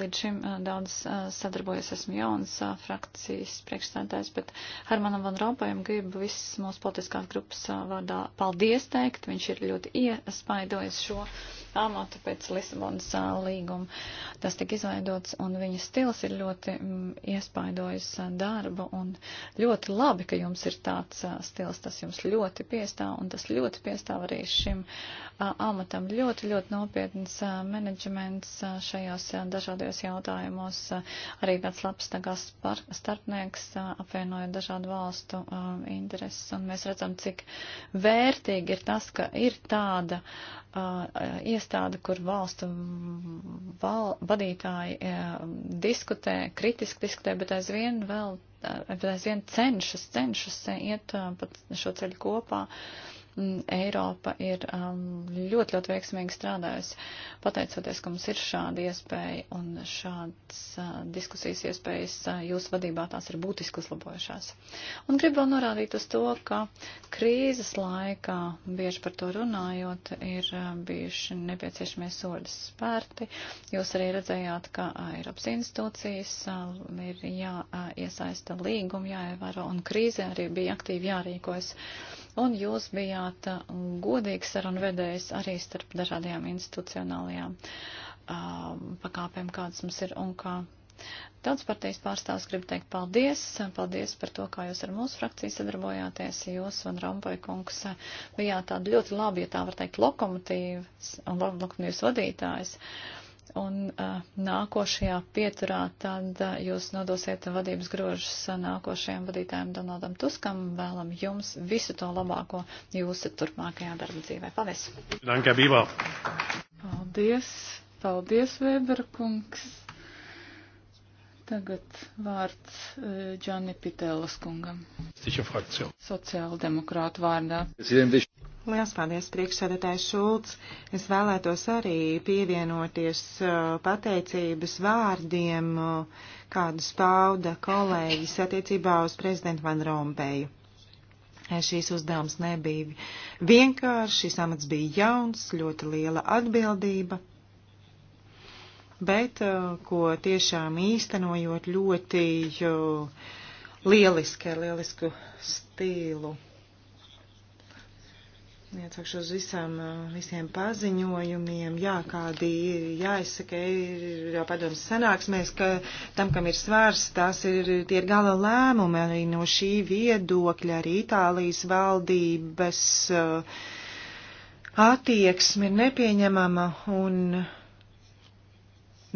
līdz šim daudz sadarbojies, esmu jauns frakcijas priekšstādājs, bet Hermanam Van Rompējam gribu visas mūsu politiskās grupas vārdā paldies teikt. Viņš ir ļoti iespaidojis šo amatu pēc Lisabonas līguma. Tas tika izveidots, un viņa stils ir ļoti iespaidojis darbu, un ļoti labi, ka jums ir tāds stils, tas jums ļoti piestāv, un tas ļoti piestāv arī šim amatam. Ļoti, ļoti nopietns menedžments šajos dažādajos jautājumos, arī tāds labs tā kā starpnieks, apvienojot dažādu valstu intereses, un mēs redzam, cik vērtīgi ir tas, ka ir tāda uh, iestāde, kur valstu val, vadītāji jā, e, diskutē, kritiski diskutē, bet aizvien vēl, e, bet aizvien cenšas, cenšas iet e, pat šo ceļu kopā. Uh, Mm, Eiropa ir um, ļoti, ļoti veiksmīgi strādājusi, pateicoties, ka mums ir šāda iespēja un šādas uh, diskusijas iespējas uh, jūsu vadībā tās ir būtiski uzlabojušās. Un gribu vēl norādīt uz to, ka krīzes laikā, bieži par to runājot, ir uh, bijuši nepieciešamie soļi spērti. Jūs arī redzējāt, ka uh, Eiropas institūcijas uh, ir jāiesaista uh, līguma, jāievēro, un krīze arī bija aktīvi jārīkojas. Uh, un jūs bijāt uh, godīgs sarunvedējs arī starp dažādajām institucionālajām um, pakāpēm, kādas mums ir un kā. Daudz partijas pārstāvs grib teikt paldies, paldies par to, kā jūs ar mūsu frakciju sadarbojāties, jūs un Rampoja kungs bijāt tāda ļoti labi, ja tā var teikt, lokomotīvs un lokomotīvs vadītājs. Uh, Un uh, nākošajā pieturā tad uh, jūs nodosiet vadības grožus uh, nākošajam vadītājam Donaldam Tuskam. Vēlam jums visu to labāko jūsu turpmākajā darba dzīvē. Paldies! Dankā, Bībā! Paldies! Paldies, Vēberkungs! Tagad vārds Džani Pitēlas kungam. Sociāldemokrātu vārdā. Liels paldies, priekšsēdētājs Šulcs. Es vēlētos arī pievienoties uh, pateicības vārdiem, uh, kādus pauda kolēģis attiecībā uz prezidentu Van Rompēju. Eh, šīs uzdevums nebija vienkārši, šis amats bija jauns, ļoti liela atbildība, bet eh, ko tiešām īstenojot ļoti uh, lieliski, lielisku stīlu. Iesaukšu uz visām, eh, visiem paziņojumiem, jā, kādi ir jāizsaka, ir jau padomas sanāksmēs, ka tam, kam ir svārs, tās ir, tie ir gala lēmumi arī no šī viedokļa, arī Itālijas valdības eh, attieksme ir nepieņemama un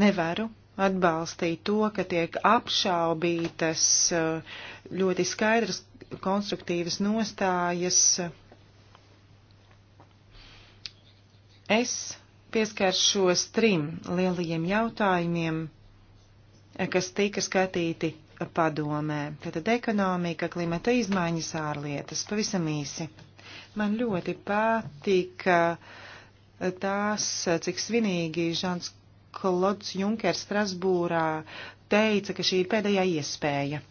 nevaru atbalstīt to, ka tiek apšaubītas eh, ļoti skaidras konstruktīvas nostājas Es pieskaršos trim lielajiem jautājumiem, eh, kas tika skatīti padomē. Tātad ekonomika, klimata izmaiņas ārlietas, pavisam īsi. Man ļoti patika tās, cik svinīgi Žants Klods Junkers Strasbūrā teica, ka šī ir pēdējā iespēja.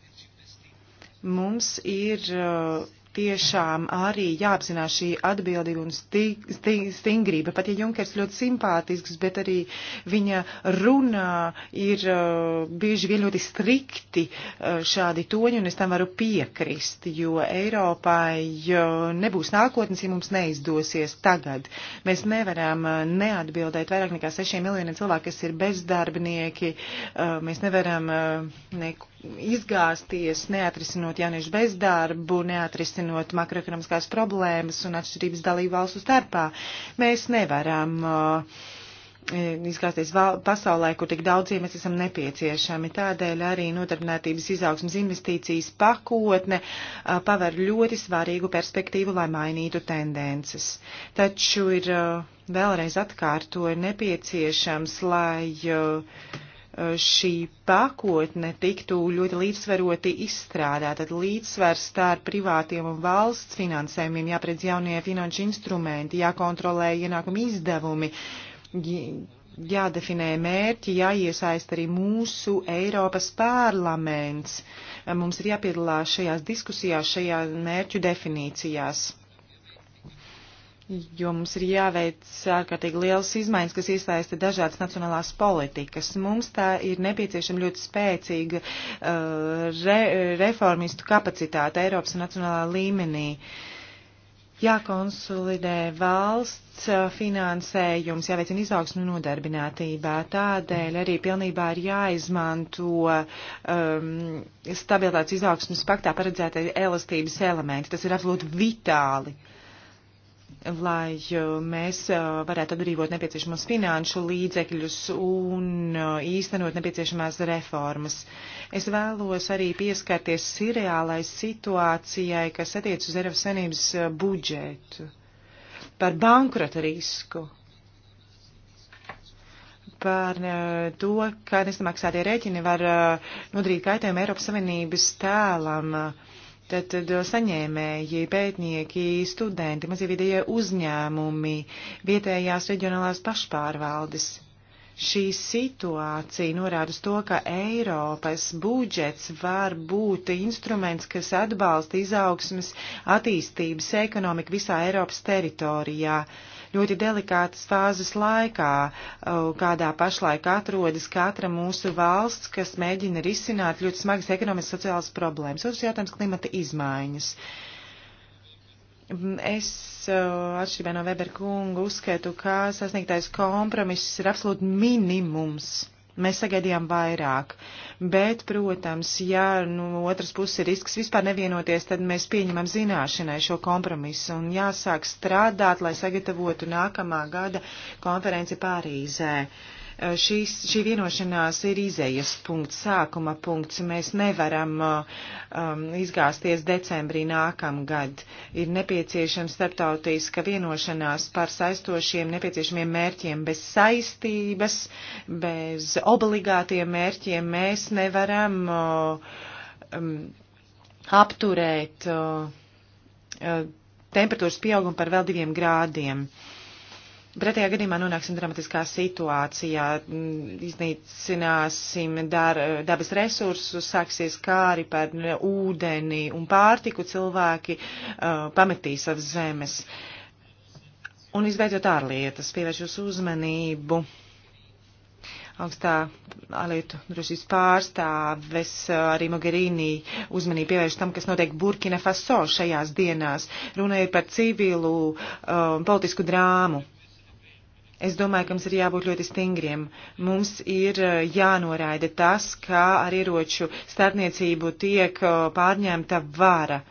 Mums ir uh, tiešām arī jāapzinās šī atbildība un sti, sti, stingrība. Pat ja Junkers ļoti simpātisks, bet arī viņa runā ir uh, bieži vien ļoti strikti uh, šādi toņi, un es tam varu piekrist, jo Eiropai uh, nebūs nākotnes, ja mums neizdosies tagad. Mēs nevaram uh, neatbildēt vairāk nekā 6 miljoniem cilvēku, kas ir bezdarbnieki. Uh, mēs nevaram uh, neko izgāzties, neatrisinot jauniešu bezdarbu, neatrisinot makroekonomiskās problēmas un atšķirības dalību valstu starpā. Mēs nevaram uh, izgāzties pasaulē, kur tik daudziem mēs esam nepieciešami. Tādēļ arī nodarbinātības izaugsmas investīcijas pakotne uh, paver ļoti svarīgu perspektīvu, lai mainītu tendences. Taču ir uh, vēlreiz atkārto, ir nepieciešams, lai uh, šī pakotne tiktu ļoti līdzsveroti izstrādāta. Tad līdzsvers starp privātiem un valsts finansējumiem jāpredz jaunie finanšu instrumenti, jākontrolē ienākumi izdevumi, jādefinē mērķi, jāiesaist arī mūsu Eiropas parlaments. Mums ir jāpiedalās šajās diskusijās, šajā mērķu definīcijās jo mums ir jāveic ārkārtīgi liels izmaiņas, kas iesaista dažādas nacionālās politikas. Mums tā ir nepieciešama ļoti spēcīga uh, re, reformistu kapacitāte Eiropas un nacionālā līmenī. Jākonsolidē valsts uh, finansējums, jāveicina izaugsmu un nodarbinātībā. Tādēļ arī pilnībā ir jāizmanto um, stabilitātes izaugsmas paktā paredzētais elastības elementi. Tas ir absolūti vitāli. Uh, lai eh, mēs eh, varētu atbrīvot nepieciešamos finanšu līdzekļus un eh, īstenot nepieciešamās reformas. Es vēlos arī pieskarties sirreālai situācijai, kas attiec uz Eiropas Savienības budžetu, par bankrota risku, par to, ka nesamaksātie rēķini var nodarīt kaitējumu Eiropas Savienības tēlam. Uh, Tātad uh, saņēmēji, pētnieki, studenti, mazievidējie uzņēmumi, vietējās reģionālās pašpārvaldes. Šī situācija norāda uz to, ka Eiropas budžets var būt instruments, kas atbalsta izaugsmas attīstības ekonomiku visā Eiropas teritorijā. Uh, ļoti delikātas fāzes laikā, kādā pašlaik atrodas katra mūsu valsts, kas mēģina risināt ļoti smagas ekonomiskas sociālas problēmas. Otrs jautājums - klimata izmaiņas. Es, atšķirībā no Weber kungu, uzskatu, ka sasniegtais kompromiss ir absolūti minimums Mēs sagaidījām vairāk, bet, protams, ja no nu, otras puses ir risks vispār nevienoties, tad mēs pieņemam zināšanai šo kompromisu un jāsāk strādāt, lai sagatavotu nākamā gada konferenci Pārīzē. Uh, Eh, šīs, šī vienošanās ir izējas punkts, sākuma punkts. Mēs nevaram eh, um, izgāzties decembrī nākamgad. Ir nepieciešams starptautiska vienošanās par saistošiem nepieciešamiem mērķiem. Bez saistības, bez obligātiem mērķiem mēs nevaram eh, um, apturēt. Uh, temperatūras pieauguma par vēl diviem grādiem. Uh, Pretējā gadījumā nonāksim dramatiskā situācijā, mm, iznīcināsim dar, dabas resursus, sāksies kāri par ūdeni un pārtiku, cilvēki uh, pametīs savas zemes. Un izbeidzot ārlietas, pievērš jūsu uzmanību augstā alietu drošības pārstāves uh, arī Mogherini uzmanību pievērš tam, kas notiek Burkina Faso šajās dienās. Runāja par civilu um, politisku drāmu. Es domāju, ka mums ir jābūt ļoti stingriem. Mums ir eh, jānoraida tas, kā ar ieroču starpniecību tiek eh, pārņemta vara.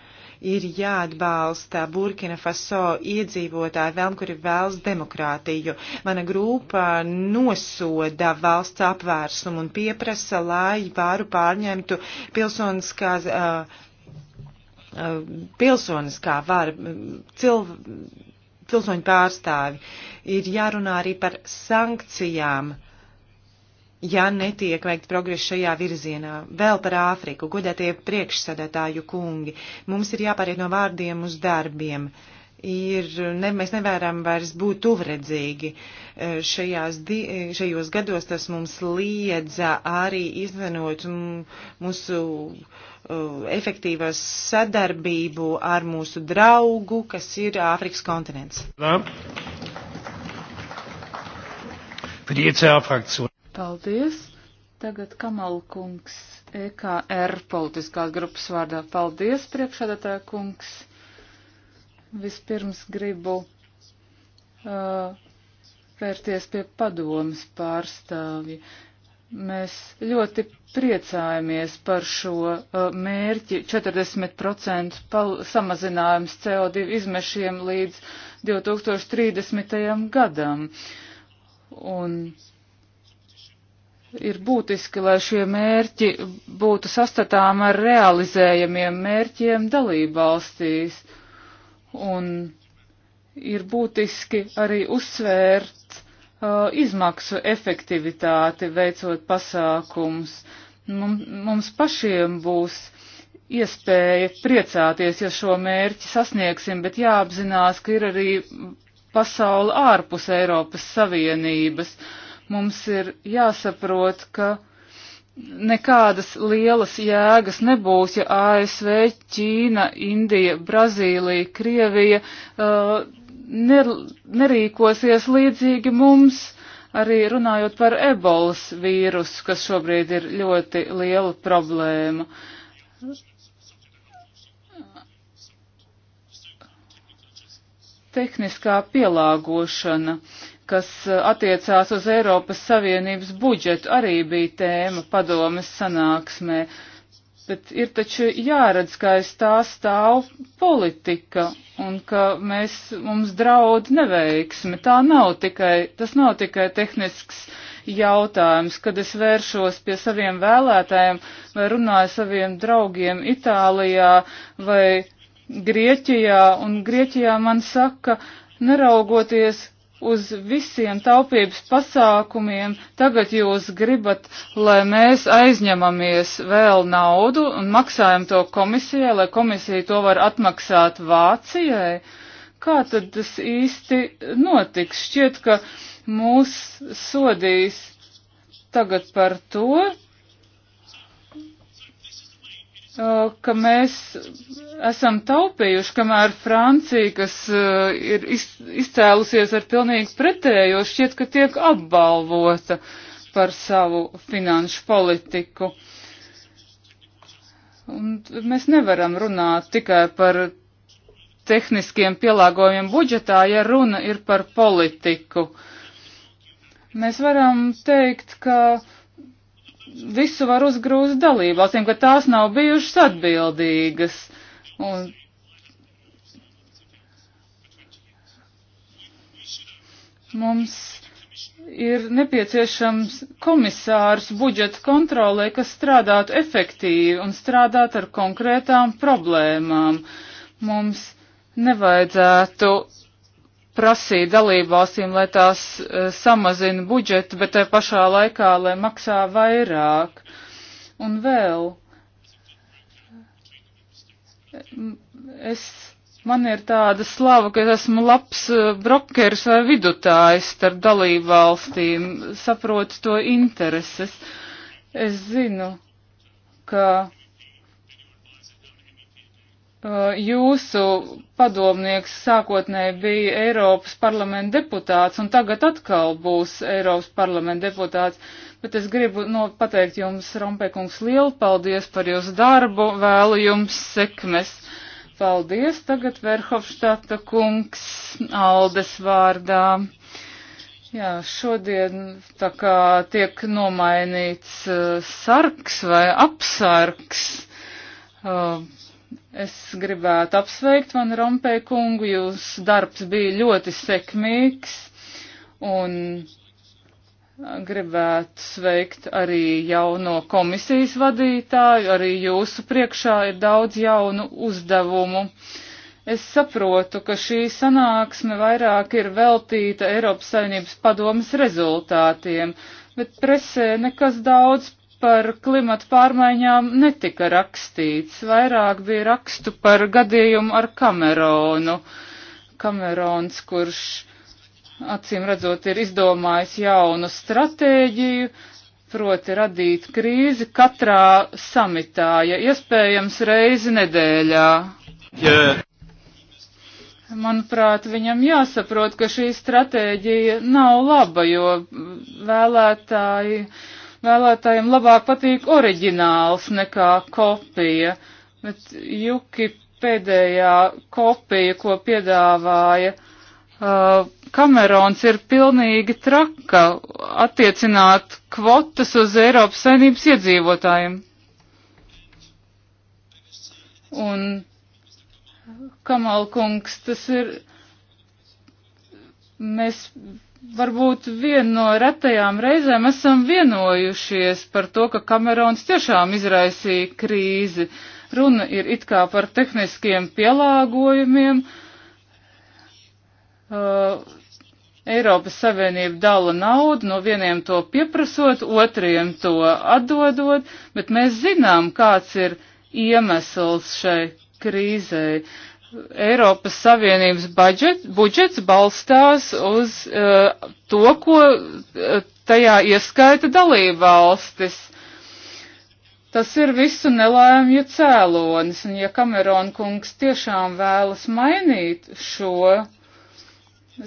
Ir jāatbalsta Burkina Faso iedzīvotāji vēl, kuri vēlas demokrātiju. Mana grupa nosoda valsts apvērsumu un pieprasa, lai vāru pārņemtu pilsoniskās, uh, eh, uh, pilsoniskā vara. Cilv pilsoņu pārstāvi. Ir jārunā arī par sankcijām, ja netiek veikt progresu šajā virzienā. Vēl par Āfriku, godētie priekšsēdētāju kungi, mums ir jāpāriet no vārdiem uz darbiem ir, ne, mēs nevaram vairs būt tuvredzīgi. E, šajās, di, e, šajos gados tas mums liedza arī izvenot mūsu Uh, efektīvas sadarbību ar mūsu draugu, kas ir Āfrikas kontinents. Paldies. Tagad Kamalkungs, EKR politiskās grupas vārdā. Paldies, priekšādātāja kungs. Vispirms gribu uh, vērties pie padomas pārstāvja. Uh, Mēs ļoti priecājamies par šo uh, mērķi 40% samazinājums CO2 izmešiem līdz 2030. gadam. Un ir būtiski, lai šie mērķi būtu sastatām ar realizējamiem mērķiem dalībvalstīs. Un ir būtiski arī uzsvērt Uh, izmaksu efektivitāti veicot pasākums. Mums pašiem būs iespēja priecāties, ja šo mērķi sasniegsim, bet jāapzinās, ka ir arī pasauli ārpus Eiropas Savienības. Mums ir jāsaprot, ka nekādas lielas jēgas nebūs, ja ASV, Ķīna, Indija, Brazīlija, Krievija uh, ner nerīkosies līdzīgi mums, arī runājot par ebolas vīrusu, kas šobrīd ir ļoti liela problēma. Tehniskā pielāgošana, kas attiecās uz Eiropas Savienības budžetu, arī bija tēma padomes sanāksmē. Uh, Bet ir taču jāredz, ka aiz tā stāv politika un ka mēs, mums draud neveiksmi. Tā nav tikai, tas nav tikai tehnisks jautājums, kad es vēršos pie saviem vēlētājiem vai runāju saviem draugiem Itālijā vai Grieķijā, un Grieķijā man saka, neraugoties, uz visiem taupības pasākumiem, tagad jūs gribat, lai mēs aizņemamies vēl naudu un maksājam to komisijai, lai komisija to var atmaksāt Vācijai. Kā tad tas īsti notiks? Šķiet, ka mūs sodīs tagad par to, Uh, ka mēs esam taupījuši, kamēr Francija, kas uh, ir izcēlusies ar pilnīgi pretējo, šķiet, ka tiek apbalvota par savu finanšu politiku. Un mēs nevaram runāt tikai par tehniskiem pielāgojumiem budžetā, ja runa ir par politiku. Mēs varam teikt, ka uh, visu var uzgrūst dalībvalstīm, ka tās nav bijušas atbildīgas. Un mums ir nepieciešams komisārs budžeta kontrolē, kas strādātu efektīvi un strādātu ar konkrētām problēmām. Mums nevajadzētu prasīt dalībvalstīm, lai tās uh, samazina budžetu, bet tajā pašā laikā, lai maksā vairāk. Un vēl, es, man ir tāda slava, ka es esmu labs e, brokers vai vidutājs starp dalībvalstīm, saprotu to intereses. Es zinu, ka Uh, jūsu padomnieks sākotnēji bija Eiropas parlamenta deputāts un tagad atkal būs Eiropas parlamenta deputāts, bet es gribu no, pateikt jums, Rompekungs, lielu paldies par jūsu darbu, vēlu jums sekmes. Paldies, tagad Verhofštata kungs Aldes vārdā. Jā, šodien tā kā tiek nomainīts uh, sarks vai apsarks. Uh, Es gribētu apsveikt Van Rompēju kungu, jūs darbs bija ļoti sekmīgs un gribētu sveikt arī jauno komisijas vadītāju, arī jūsu priekšā ir daudz jaunu uzdevumu. Es saprotu, ka šī sanāksme vairāk ir veltīta Eiropas Savienības padomas rezultātiem, bet presē nekas daudz par klimatu pārmaiņām netika rakstīts, vairāk bija rakstu par gadījumu ar Kameronu. Kamerons, kurš acīm redzot ir izdomājis jaunu stratēģiju, proti radīt krīzi katrā samitā, ja iespējams reizi nedēļā. Yeah. Manuprāt, viņam jāsaprot, ka šī stratēģija nav laba, jo vēlētāji. Uh, vēlētājiem labāk patīk oriģināls nekā kopija, bet Juki pēdējā kopija, ko piedāvāja uh, Kamerons, ir pilnīgi traka attiecināt kvotas uz Eiropas saimnības iedzīvotājiem. Un Kamalkungs, tas ir, mēs varbūt vienu no retajām reizēm esam vienojušies par to, ka Kamerons tiešām izraisīja krīzi. Runa ir it kā par tehniskiem pielāgojumiem. Uh, Eiropas Savienība dala naudu, no vieniem to pieprasot, otriem to atdodot, bet mēs zinām, kāds ir iemesls šai krīzei. Eiropas Savienības budžets, budžets balstās uz uh, to, ko uh, tajā ieskaita dalībvalstis. Tas ir visu nelēmju cēlonis, un ja Kamerona kungs tiešām vēlas mainīt šo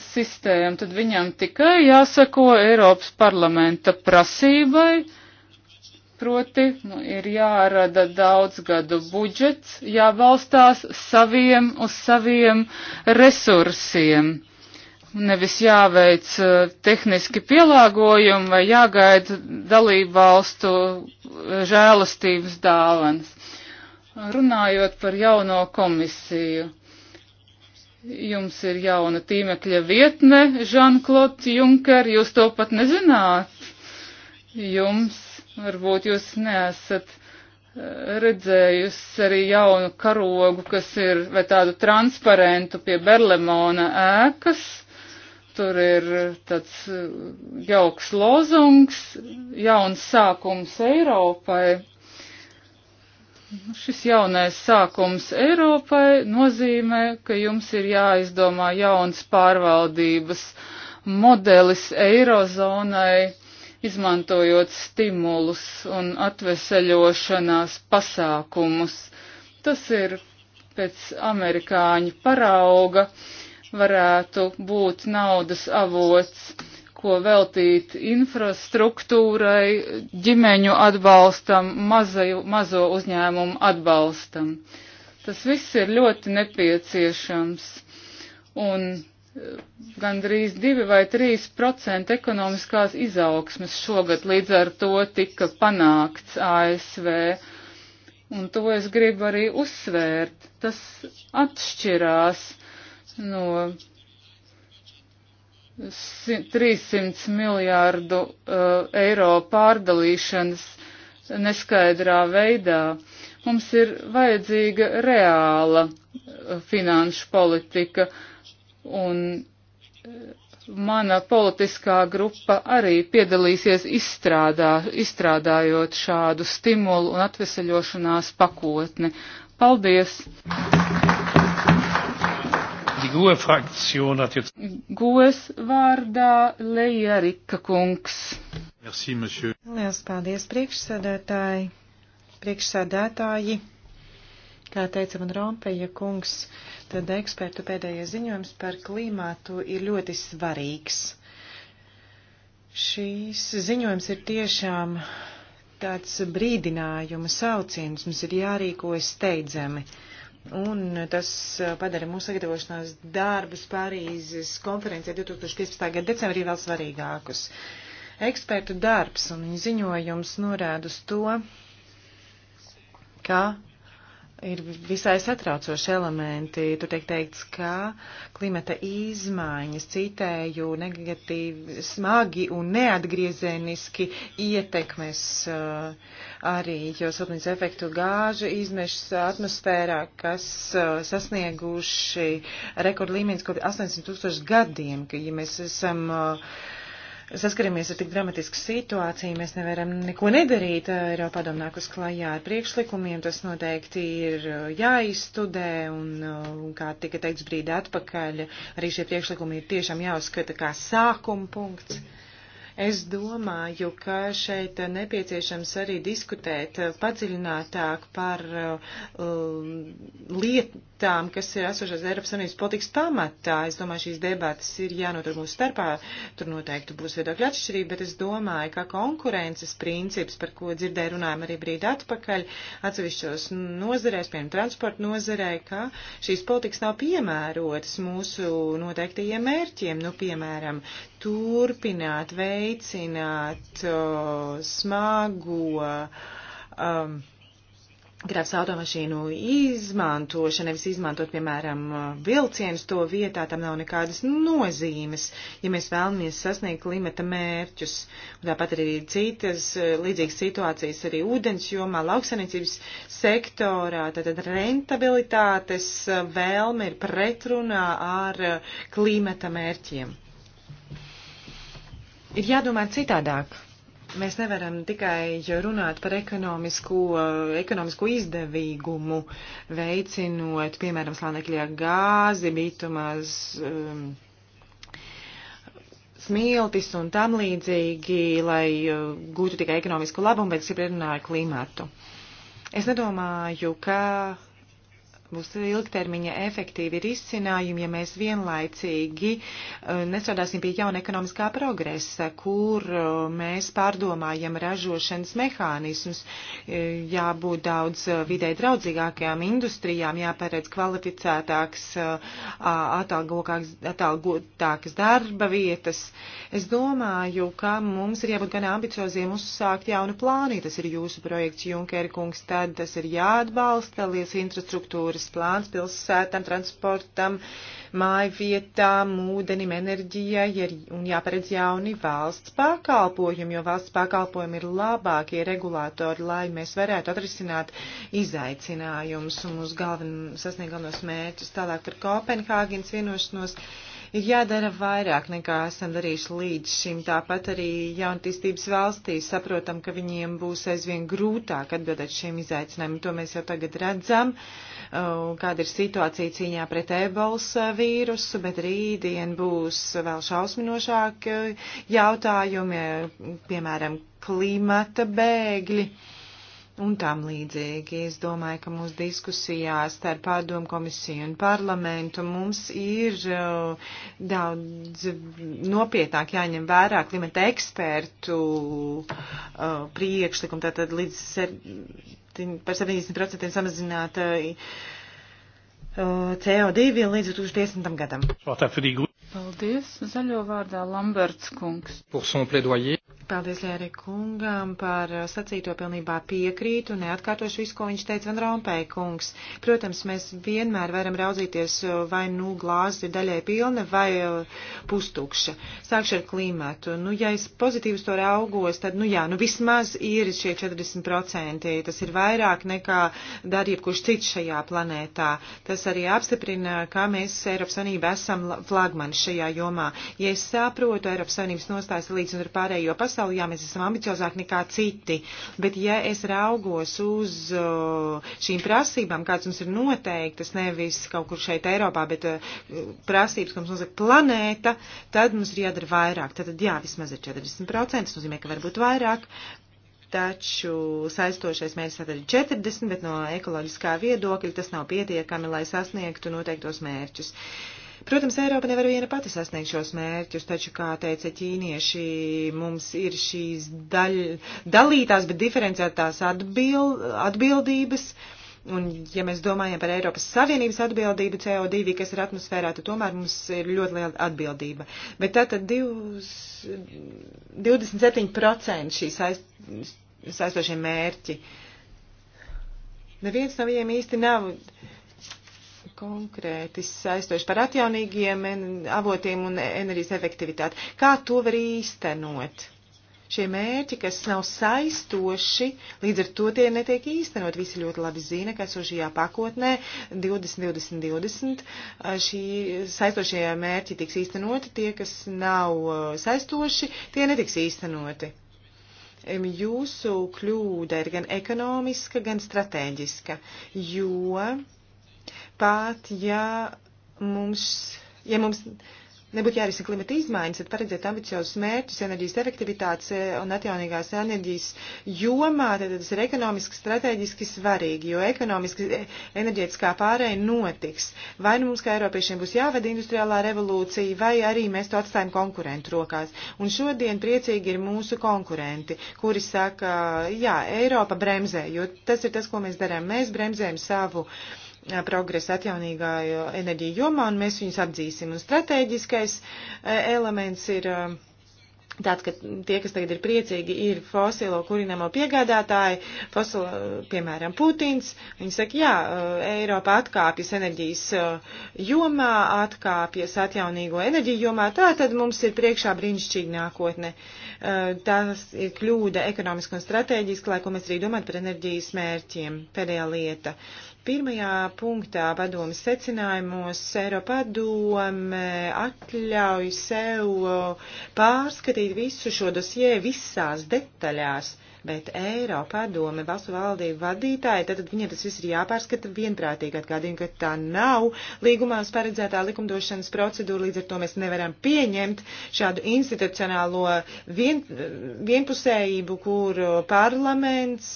sistēmu, tad viņam tikai jāsako Eiropas parlamenta prasībai, uh, Proti, nu, ir jārada daudzgadu budžets, jābalstās saviem uz saviem resursiem. Nevis jāveic uh, tehniski pielāgojumi vai jāgaida dalību valstu uh, žēlastības dāvanas. Runājot par jauno komisiju. Jums ir jauna tīmekļa vietne, Žanklot Junker, jūs to pat nezināt. Jums Varbūt jūs neesat eh, redzējusi arī jaunu karogu, kas ir, vai tādu transparentu pie Berlemona ēkas. Tur ir tāds eh, jauks lozungs, jauns sākums Eiropai. Šis jaunais sākums Eiropai nozīmē, ka jums ir jāizdomā jauns pārvaldības modelis Eirozonai izmantojot stimulus un atveseļošanās pasākumus. Tas ir pēc amerikāņu parauga varētu būt naudas avots, ko veltīt infrastruktūrai, ģimeņu atbalstam, mazaju, mazo uzņēmumu atbalstam. Tas viss ir ļoti nepieciešams. Un gandrīz 2 vai 3 procenti ekonomiskās izaugsmes šogad līdz ar to tika panākts ASV. Un to es gribu arī uzsvērt. Tas atšķirās no 300 miljārdu uh, eiro pārdalīšanas neskaidrā veidā. Mums ir vajadzīga reāla uh, finanšu politika. Uh, un eh, mana politiskā grupa arī piedalīsies izstrādā, izstrādājot šādu stimulu un atveseļošanās pakotni. Paldies! Goes e vārdā Leija Rika kungs. Merci, monsieur. Lielas paldies, priekšsēdētāji. Priekšsēdētāji, kā teica man Rompeja kungs, uh, Tad ekspertu pēdējais ziņojums par klimātu ir ļoti svarīgs. Šīs ziņojums ir tiešām tāds brīdinājuma sauciens, mums ir jārīkojas steidzami. Un tas uh, padara mūsu sagatavošanās darbus Parīzes konferencē 2015. gada decembrī vēl svarīgākus. Ekspertu darbs un viņa ziņojums norāda uz to, ka ir visai satraucoši elementi. Tur tiek teikts, ka klimata izmaiņas, citēju, negatīvi, smagi un neatgriezeniski ietekmes uh, arī siltumnīca efektu gāžu izmešas atmosfērā, kas uh, sasnieguši rekordlīmenis kopš 800 tūkstoši gadiem, ka ja mēs esam uh, saskaramies ar tik dramatisku situāciju, mēs nevaram neko nedarīt. Eiropā domnāk uz klajā ar priekšlikumiem, tas noteikti ir jāizstudē, un, kā tika teikts brīdi atpakaļ, arī šie priekšlikumi ir tiešām jāuzskata kā sākuma punkts. Mm. Es domāju, ka šeit nepieciešams arī diskutēt padziļinātāk par uh, lietām, kas ir esošās Eiropas Savienības politikas pamatā. Es domāju, šīs debatas ir jānotur mūsu starpā. Tur noteikti būs viedokļa atšķirība, bet es domāju, ka konkurences princips, par ko dzirdēju runājumu arī brīdi atpakaļ, atsevišķos nozarēs, piemēram, transporta nozarē, ka šīs politikas nav piemērotas mūsu noteiktajiem mērķiem. Nu, piemēram, turpināt veidot veicināt o, smago um, grafs automašīnu izmantošanu, nevis izmantot, piemēram, vilcienus to vietā, tam nav nekādas nozīmes, ja mēs vēlamies sasniegt klimata mērķus. Un tāpat arī citas līdzīgas situācijas arī ūdens jomā, lauksanicības sektorā, tātad rentabilitātes vēlme ir pretrunā ar klimata mērķiem. Ir jādomā citādāk. Mēs nevaram tikai runāt par ekonomisko, ekonomisko izdevīgumu, veicinot, piemēram, slānekļā gāzi, bitumās. Um, smiltis un tam līdzīgi, lai uh, gūtu tikai ekonomisku labumu, bet es runāju klimatu. Es nedomāju, ka būs ilgtermiņa efektīvi risinājumi, ja mēs vienlaicīgi e, nesodāsim pie jauna ekonomiskā progresa, kur e, mēs pārdomājam ražošanas mehānismus, e, jābūt daudz vidē draudzīgākajām industrijām, jāparedz kvalificētāks, atalgotākas darba vietas. Es domāju, ka mums ir jābūt gan ambicioziem uzsākt jaunu plānu, tas ir jūsu projekts Junkerkungs, tad tas ir jāatbalsta liels infrastruktūras skaidrs plāns pilsētām, transportam, māju vietām, ūdenim, enerģijai un jāparedz jauni valsts pakalpojumi, jo valsts pakalpojumi ir labākie regulātori, lai mēs varētu atrisināt izaicinājumus un mūsu galven, sasniegt galvenos mērķus. Tālāk par Kopenhāgens vienošanos ir jādara vairāk nekā esam darījuši līdz šim. Tāpat arī jaunatīstības valstīs saprotam, ka viņiem būs aizvien grūtāk atbildēt šiem izaicinājumiem. To mēs jau tagad redzam. Uh, kāda ir situācija cīņā pret ebols vīrusu, bet rītdien būs vēl šausminošāki jautājumi, piemēram, klimata bēgļi. Un tam līdzīgi es domāju, ka mūsu diskusijās starp pārdomu komisiju un parlamentu mums ir uh, daudz nopietnāk jāņem vērā klimata ekspertu uh, priekšlikumu. Tātad līdz par 70% samazināt eh, CO2 līdz 2050. gadam. Paldies. Zaļo vārdā Lamberts kungs. Paldies Lēri kungam par uh, sacīto pilnībā piekrītu un neatkārtošu visu, ko viņš teica Van Rompēj kungs. Protams, mēs vienmēr varam raudzīties, uh, vai nu glāze ir daļai pilna vai uh, pustukša. Sākšu ar klimatu. Nu, ja es pozitīvs to raugos, tad, nu jā, nu vismaz ir šie 40%. Tas ir vairāk nekā dar jebkurš cits šajā planētā. Tas arī apstiprina, kā mēs Eiropas Savienība esam flagmani šajā jomā. Ja es saprotu Eiropas Savienības nostājas līdz un ar pārējo pasauli, pasauli, jā, mēs esam ambiciozāki nekā citi, bet ja es raugos uz uh, šīm prasībām, kāds mums ir noteiktas, nevis kaut kur šeit Eiropā, bet uh, prasības, ko mums nosaka planēta, tad mums ir jādara vairāk. Tad, jā, vismaz ir 40%, tas nozīmē, ka varbūt vairāk, taču saistošais mērķis ir 40, bet no ekoloģiskā viedokļa tas nav pietiekami, lai sasniegtu noteiktos mērķus. Uh, Protams, Eiropa nevar viena pati sasniegt šos mērķus, taču, kā teica ķīnieši, mums ir šīs daļ, dalītās, bet diferenciētās atbild, atbildības. Un, ja mēs domājam par Eiropas Savienības atbildību CO2, kas ir atmosfērā, tad tomēr mums ir ļoti liela atbildība. Bet tātad 27% šī saistošie mērķi. Neviens no viņiem īsti nav. Uh, konkrēti saistoši par atjaunīgiem avotiem un enerģijas efektivitāti. Kā to var īstenot? Šie mērķi, kas nav saistoši, līdz ar to tie netiek īstenot. Visi ļoti labi zina, ka esošajā pakotnē 2020, 2020 šī saistošie mērķi tiks īstenoti, tie, kas nav uh, saistoši, tie netiks īstenoti. Jūsu kļūda ir gan ekonomiska, gan strateģiska, jo pat ja mums, ja mums nebūtu jārisina klimata izmaiņas, tad paredzēt ambiciozus mērķus enerģijas efektivitātes un atjaunīgās enerģijas jomā, tad tas ir ekonomiski strateģiski svarīgi, jo ekonomiski enerģētiskā pārēja notiks. Vai nu mums kā Eiropiešiem būs jāved industriālā revolūcija, vai arī mēs to atstājam konkurentu rokās. Un šodien priecīgi ir mūsu konkurenti, kuri saka, jā, Eiropa bremzē, jo tas ir tas, ko mēs darām. Mēs bremzējam savu. Uh, progresu atjaunīgā enerģija jomā, un mēs viņus atzīsim. Un strateģiskais elements ir tāds, ka tie, kas tagad ir priecīgi, ir fosilo kurināmo piegādātāji, fosilo, piemēram, Putins. Viņi saka, jā, Eiropa atkāpjas enerģijas jomā, atkāpjas atjaunīgo enerģiju jomā, tā tad mums ir priekšā brīnišķīga nākotne. Tas ir kļūda ekonomiski un strateģiski, lai ko mēs arī domātu par enerģijas mērķiem. Pēdējā lieta. Uh, Pirmajā punktā padomas secinājumos Eiropadome atļauj sev pārskatīt visu šo dosie visās detaļās, bet Eiropadome valstu valdību vadītāji, tad viņiem tas viss ir jāpārskata vienprātīgi atgādījumi, ka tā nav līgumās paredzētā likumdošanas procedūra, līdz ar to mēs nevaram pieņemt šādu institucionālo vien, vienpusējību, kur parlaments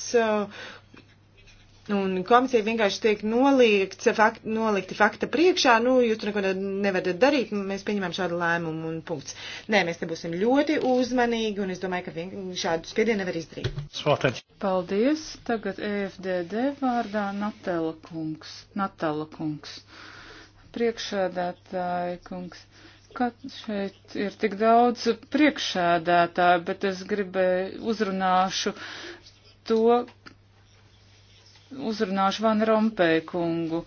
Un komisija vienkārši tiek noliegts, fakt, nolikti fakta priekšā, nu, jūs tur neko nevarat darīt, mēs pieņemam šādu lēmumu un punkts. Nē, mēs te būsim ļoti uzmanīgi, un es domāju, ka šādu spiedienu nevar izdarīt. Svartaģi. Paldies. Tagad EFDD vārdā Natala kungs. Natala kungs. Priekšēdētāji kungs. Kā šeit ir tik daudz priekšēdētāju, bet es gribēju uzrunāšu to, uzrunāšu Van Rompēkungu.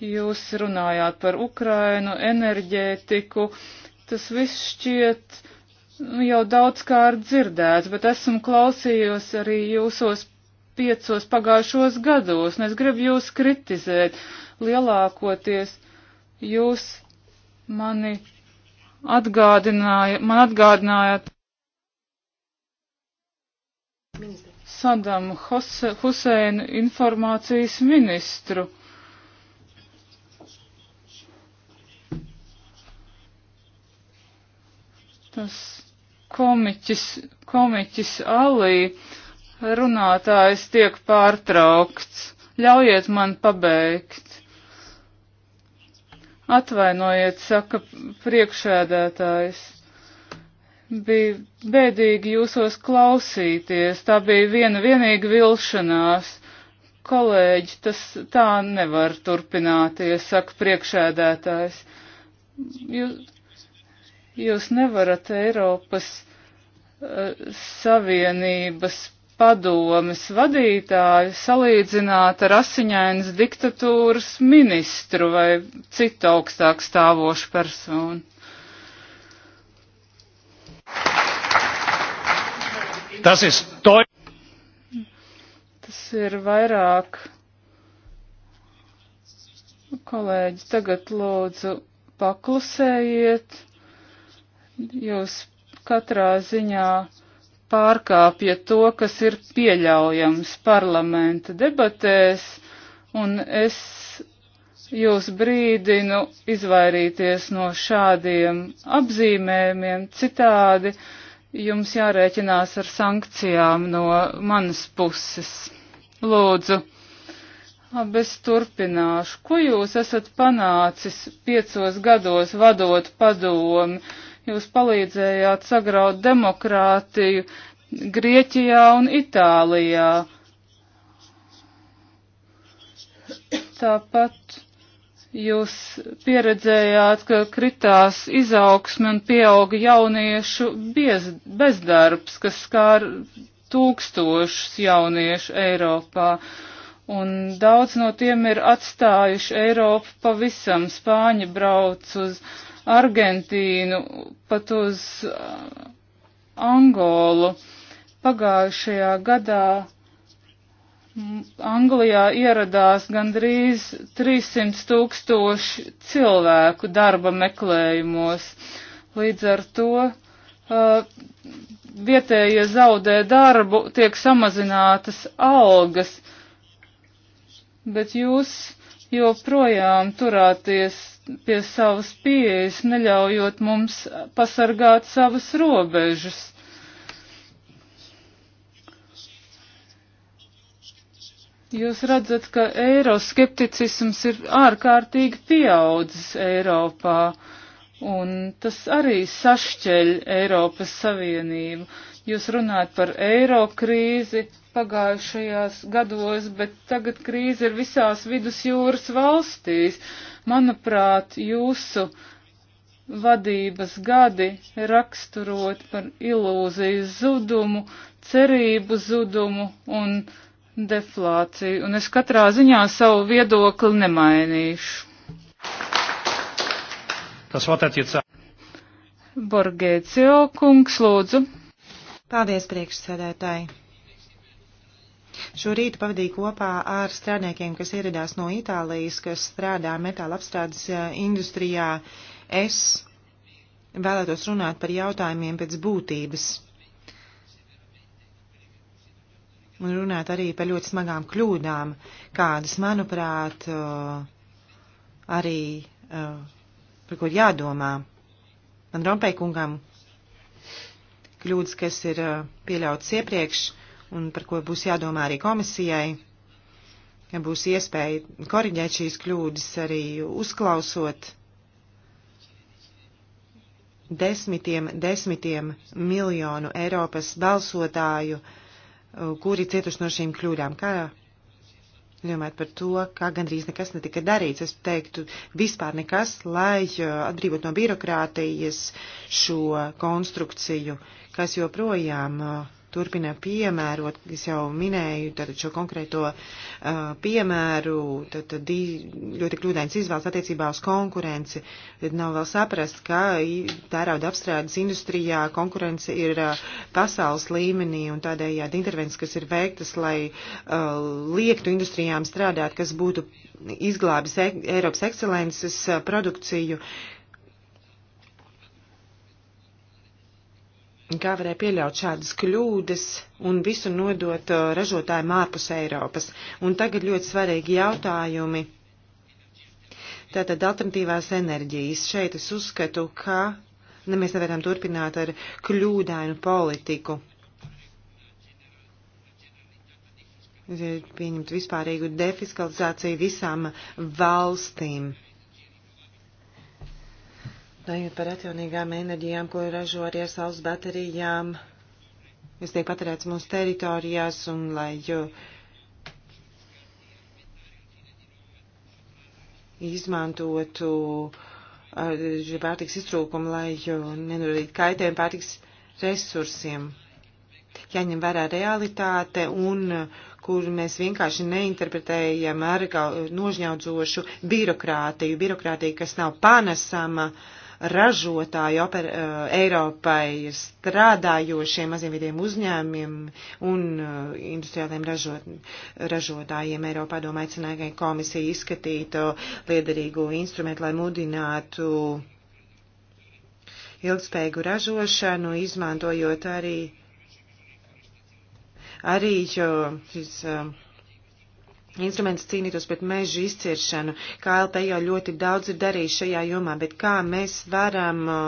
Jūs runājāt par Ukrainu, enerģētiku. Tas viss šķiet nu, jau daudzkārt dzirdēts, bet esmu klausījos arī jūsos piecos pagājušos gados, un es gribu jūs kritizēt. Lielākoties jūs mani atgādinājāt, man atgādinājāt. Ministra. Sadamu Huseinu informācijas ministru. Tas komiķis, komiķis Alī runātājs tiek pārtraukts. Ļaujiet man pabeigt. Atvainojiet, saka priekšēdētājs bija bēdīgi jūsos klausīties. Tā bija viena vienīga vilšanās. Kolēģi, tas tā nevar turpināties, saka priekšēdētājs. Jūs, jūs nevarat Eiropas uh, Savienības padomes vadītāju salīdzināt ar asiņainas diktatūras ministru vai citu augstāk stāvošu personu. Tas ir, to... Tas ir vairāk. Kolēģi, tagad lūdzu paklusējiet. Jūs katrā ziņā pārkāpjat to, kas ir pieļaujams parlamenta debatēs, un es jūs brīdinu izvairīties no šādiem apzīmējumiem citādi jums jārēķinās ar sankcijām no manas puses. Lūdzu, Ab, es turpināšu. Ko jūs esat panācis piecos gados vadot padomi? Jūs palīdzējāt sagraut demokrātiju Grieķijā un Itālijā. Tāpat Jūs pieredzējāt, ka kritās izaugsme un pieauga jauniešu bez, bezdarbs, kas skār tūkstošus jauniešu Eiropā. Un daudz no tiem ir atstājuši Eiropu pavisam. Spāņi brauc uz Argentīnu, pat uz uh, Angolu. Pagājušajā gadā Anglijā ieradās gandrīz 300 tūkstoši cilvēku darba meklējumos. Līdz ar to uh, vietējie zaudē darbu, tiek samazinātas algas, bet jūs joprojām turāties pie savas pieejas, neļaujot mums pasargāt savas robežas. Jūs redzat, ka eiroskepticisms ir ārkārtīgi pieaudzis Eiropā, un tas arī sašķeļ Eiropas Savienību. Jūs runājat par eiro krīzi pagājušajās gados, bet tagad krīze ir visās vidusjūras valstīs. Manuprāt, jūsu vadības gadi raksturot par ilūzijas zudumu, cerību zudumu un deflāciju, un es katrā ziņā savu viedokli nemainīšu. Tas vārds Borgēcio kungs, lūdzu. Paldies, priekšsēdētāji. Šo rītu pavadīju kopā ar strādniekiem, kas ieradās no Itālijas, kas strādā metāla apstrādes eh, industrijā. Es vēlētos runāt par jautājumiem pēc būtības un runāt arī par ļoti smagām kļūdām, kādas, manuprāt, uh, arī uh, par ko jādomā. Man rompēja kungam kļūdas, kas ir uh, pieļautas iepriekš un par ko būs jādomā arī komisijai, ja būs iespēja koriģēt šīs kļūdas arī uzklausot desmitiem, desmitiem miljonu Eiropas balsotāju uh, kuri cietuši no šīm kļūdām. Kā domājat par to, kā gandrīz nekas netika darīts? Es teiktu, vispār nekas, lai uh, atbrīvot no birokrātijas šo konstrukciju, kas joprojām uh, turpina piemērot, es jau minēju tātad šo konkrēto uh, piemēru, tātad di, ļoti kļūdains izvēles attiecībā uz konkurenci. Tad nav vēl saprast, ka tērauda apstrādes industrijā konkurence ir uh, pasaules līmenī un tādējādi intervences, kas ir veiktas, lai uh, liektu industrijām strādāt, kas būtu izglābis e Eiropas ekscelences uh, produkciju. Uh, kā varēja pieļaut šādas kļūdas un visu nodot uh, ražotājiem ārpus Eiropas. Un tagad ļoti svarīgi jautājumi. Tātad alternatīvās enerģijas. Šeit es uzskatu, ka ne, nu, mēs nevaram turpināt ar kļūdainu politiku. Pieņemt vispārīgu defiskalizāciju visām valstīm. Runājot par atjaunīgām enerģijām, ko ražo arī ar saules baterijām, kas tiek patērēts mūsu teritorijās un lai jo izmantotu pārtiks iztrūkumu, lai nenorītu kaitējumu pārtiks resursiem. Jāņem vērā realitāte un kur mēs vienkārši neinterpretējam ar nožņaudzošu birokrātiju, birokrātiju, kas nav panesama. Uh, ražotāju oper, eh, Eiropai strādājošiem maziem vidiem uzņēmiem un eh, industriāliem ražot, ražotājiem. Eiropā domā aicināja, ka komisija izskatītu liederīgu instrumentu, lai mudinātu ilgspējīgu ražošanu, izmantojot arī, arī šis. Uh, instruments cīnītos pret mežu izciršanu. KLP jau ļoti daudz ir darījis šajā jomā, bet kā mēs varam uh,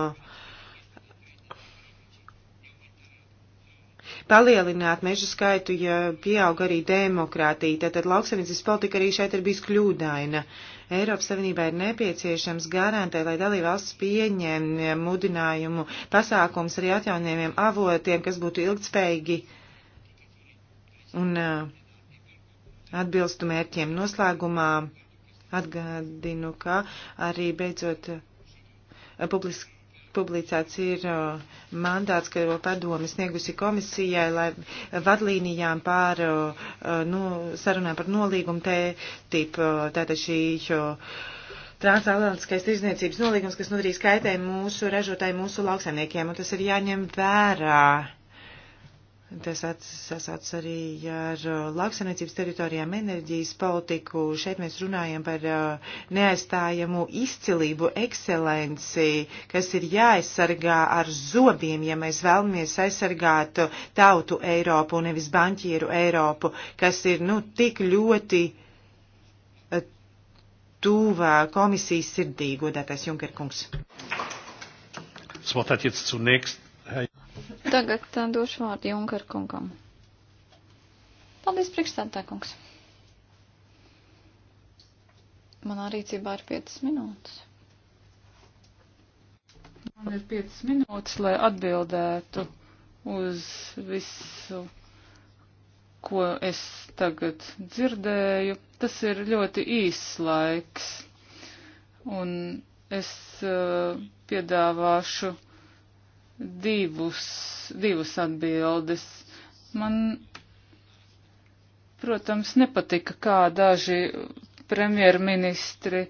palielināt mežu skaitu, ja pieaug arī demokrātija. Tātad lauksaimniecības politika arī šeit ir bijis kļūdaina. Eiropas Savienībā ir nepieciešams garantēt, lai dalībvalsts pieņem mudinājumu pasākums arī atjaunējumiem avotiem, kas būtu ilgtspējīgi un uh, atbilstu mērķiem. Noslēgumā atgādinu, ka arī beidzot eh, publiski publicēts ir eh, mandāts, ka padomi sniegusi komisijai, lai vadlīnijām pār nu, sarunām par nolīgumu te tip, tātad šī transatlantiskais tirzniecības nolīgums, kas nodarīs kaitējumu mūsu ražotājiem, mūsu lauksaimniekiem, un tas ir jāņem vērā Tas sasauc arī ar uh, lauksaimniecības teritorijām enerģijas politiku. Šeit mēs runājam par uh, neaizstājamu izcilību, ekscelenci, kas ir jāaizsargā ar zobiem, ja mēs vēlamies aizsargāt tautu Eiropu, nevis banķieru Eiropu, kas ir, nu, tik ļoti uh, tuvā komisijas sirdī, godātais Junkerkungs. Das Wort hat jetzt zunächst Tagad uh, došu vārdu Junkar kungam. Paldies, priekšstādā kungs. Manā rīcībā ir 5 minūtes. Man ir 5 minūtes, lai atbildētu uz visu, ko es tagad dzirdēju. Tas ir ļoti īss laiks, un es uh, piedāvāšu divus, divas atbildes. Man, protams, nepatika, kā daži premjerministri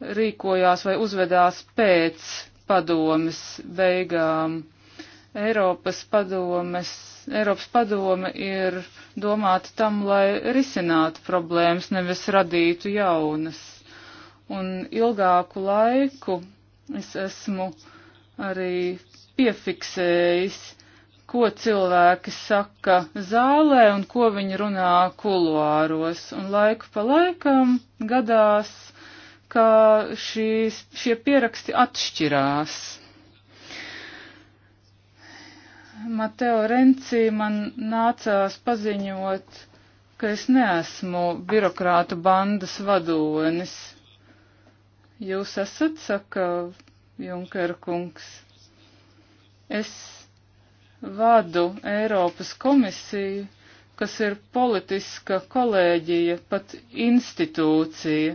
rīkojās vai uzvedās pēc padomes beigām. Eiropas padomes, Eiropas padome ir domāta tam, lai risinātu problēmas, nevis radītu jaunas. Un ilgāku laiku es esmu arī piefiksējis, ko cilvēki saka zālē un ko viņi runā kuluāros, un laiku pa laikam gadās, ka šīs, šie pieraksti atšķirās. Mateo Renci man nācās paziņot, ka es neesmu birokrātu bandas vadonis. Jūs esat, saka Junkera kungs. Es vadu Eiropas komisiju, kas ir politiska kolēģija, pat institūcija,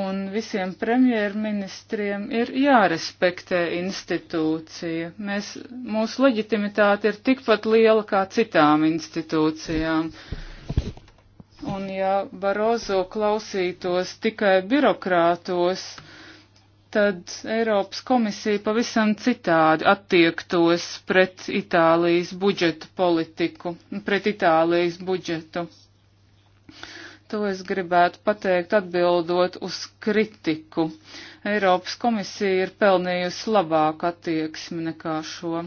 un visiem premjerministriem ir jārespektē institūcija. Mēs, mūsu leģitimitāte ir tikpat liela kā citām institūcijām. Un ja Barozo klausītos tikai birokrātos, tad Eiropas komisija pavisam citādi attiektos pret Itālijas budžetu politiku, pret Itālijas budžetu. To es gribētu pateikt atbildot uz kritiku. Eiropas komisija ir pelnījusi labāku attieksmi nekā šo.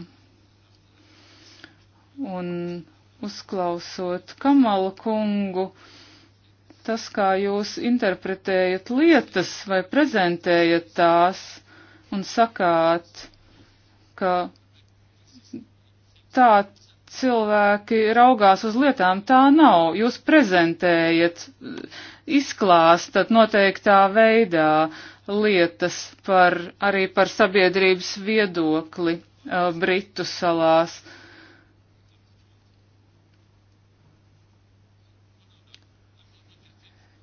Un uzklausot Kamala kungu, uh, tas, kā jūs interpretējat lietas vai prezentējat tās un sakāt, ka tā cilvēki raugās uz lietām, tā nav. Jūs prezentējat, izklāstat noteiktā veidā lietas par, arī par sabiedrības viedokli uh, Britu salās. Uh,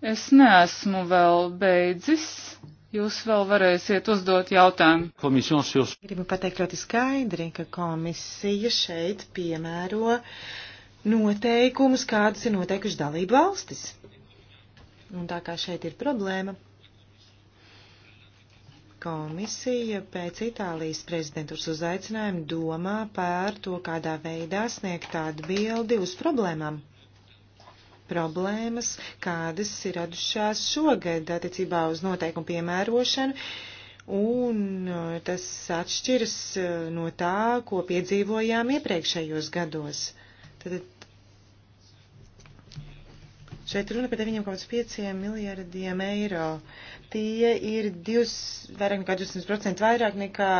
Es neesmu vēl beidzis. Jūs vēl varēsiet uzdot jautājumu. Gribu pateikt ļoti skaidri, ka komisija šeit piemēro noteikumus, kādus ir noteikuši dalību valstis. Un tā kā šeit ir problēma, komisija pēc Itālijas prezidentūras uzaicinājuma domā par to, kādā veidā sniegt atbildi uz problēmām problēmas, kādas ir radušās šogad attiecībā uz noteikumu piemērošanu, un uh, tas atšķiras uh, no tā, ko piedzīvojām iepriekšējos gados. Tad šeit runa par 9,5 miljardiem eiro. Tie ir divs, vairāk nekā 200% vairāk nekā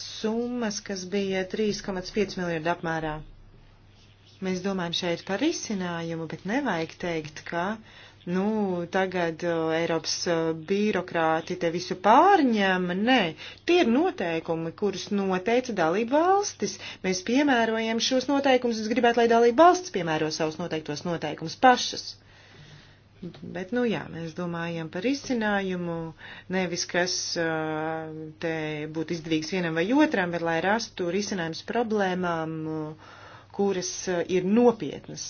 summas, kas bija 3,5 miljardu apmērā. Mēs domājam šeit par risinājumu, bet nevajag teikt, ka nu, tagad uh, Eiropas uh, birokrāti te visu pārņem. Nē, tie ir noteikumi, kurus noteica dalība valstis. Mēs piemērojam šos noteikumus. Es gribētu, lai dalība valsts piemēro savus noteiktos noteikumus pašas. Bet, nu jā, mēs domājam par izcinājumu, nevis kas te būtu izdevīgs vienam vai otram, bet lai rastu risinājums problēmām, kuras ir nopietnas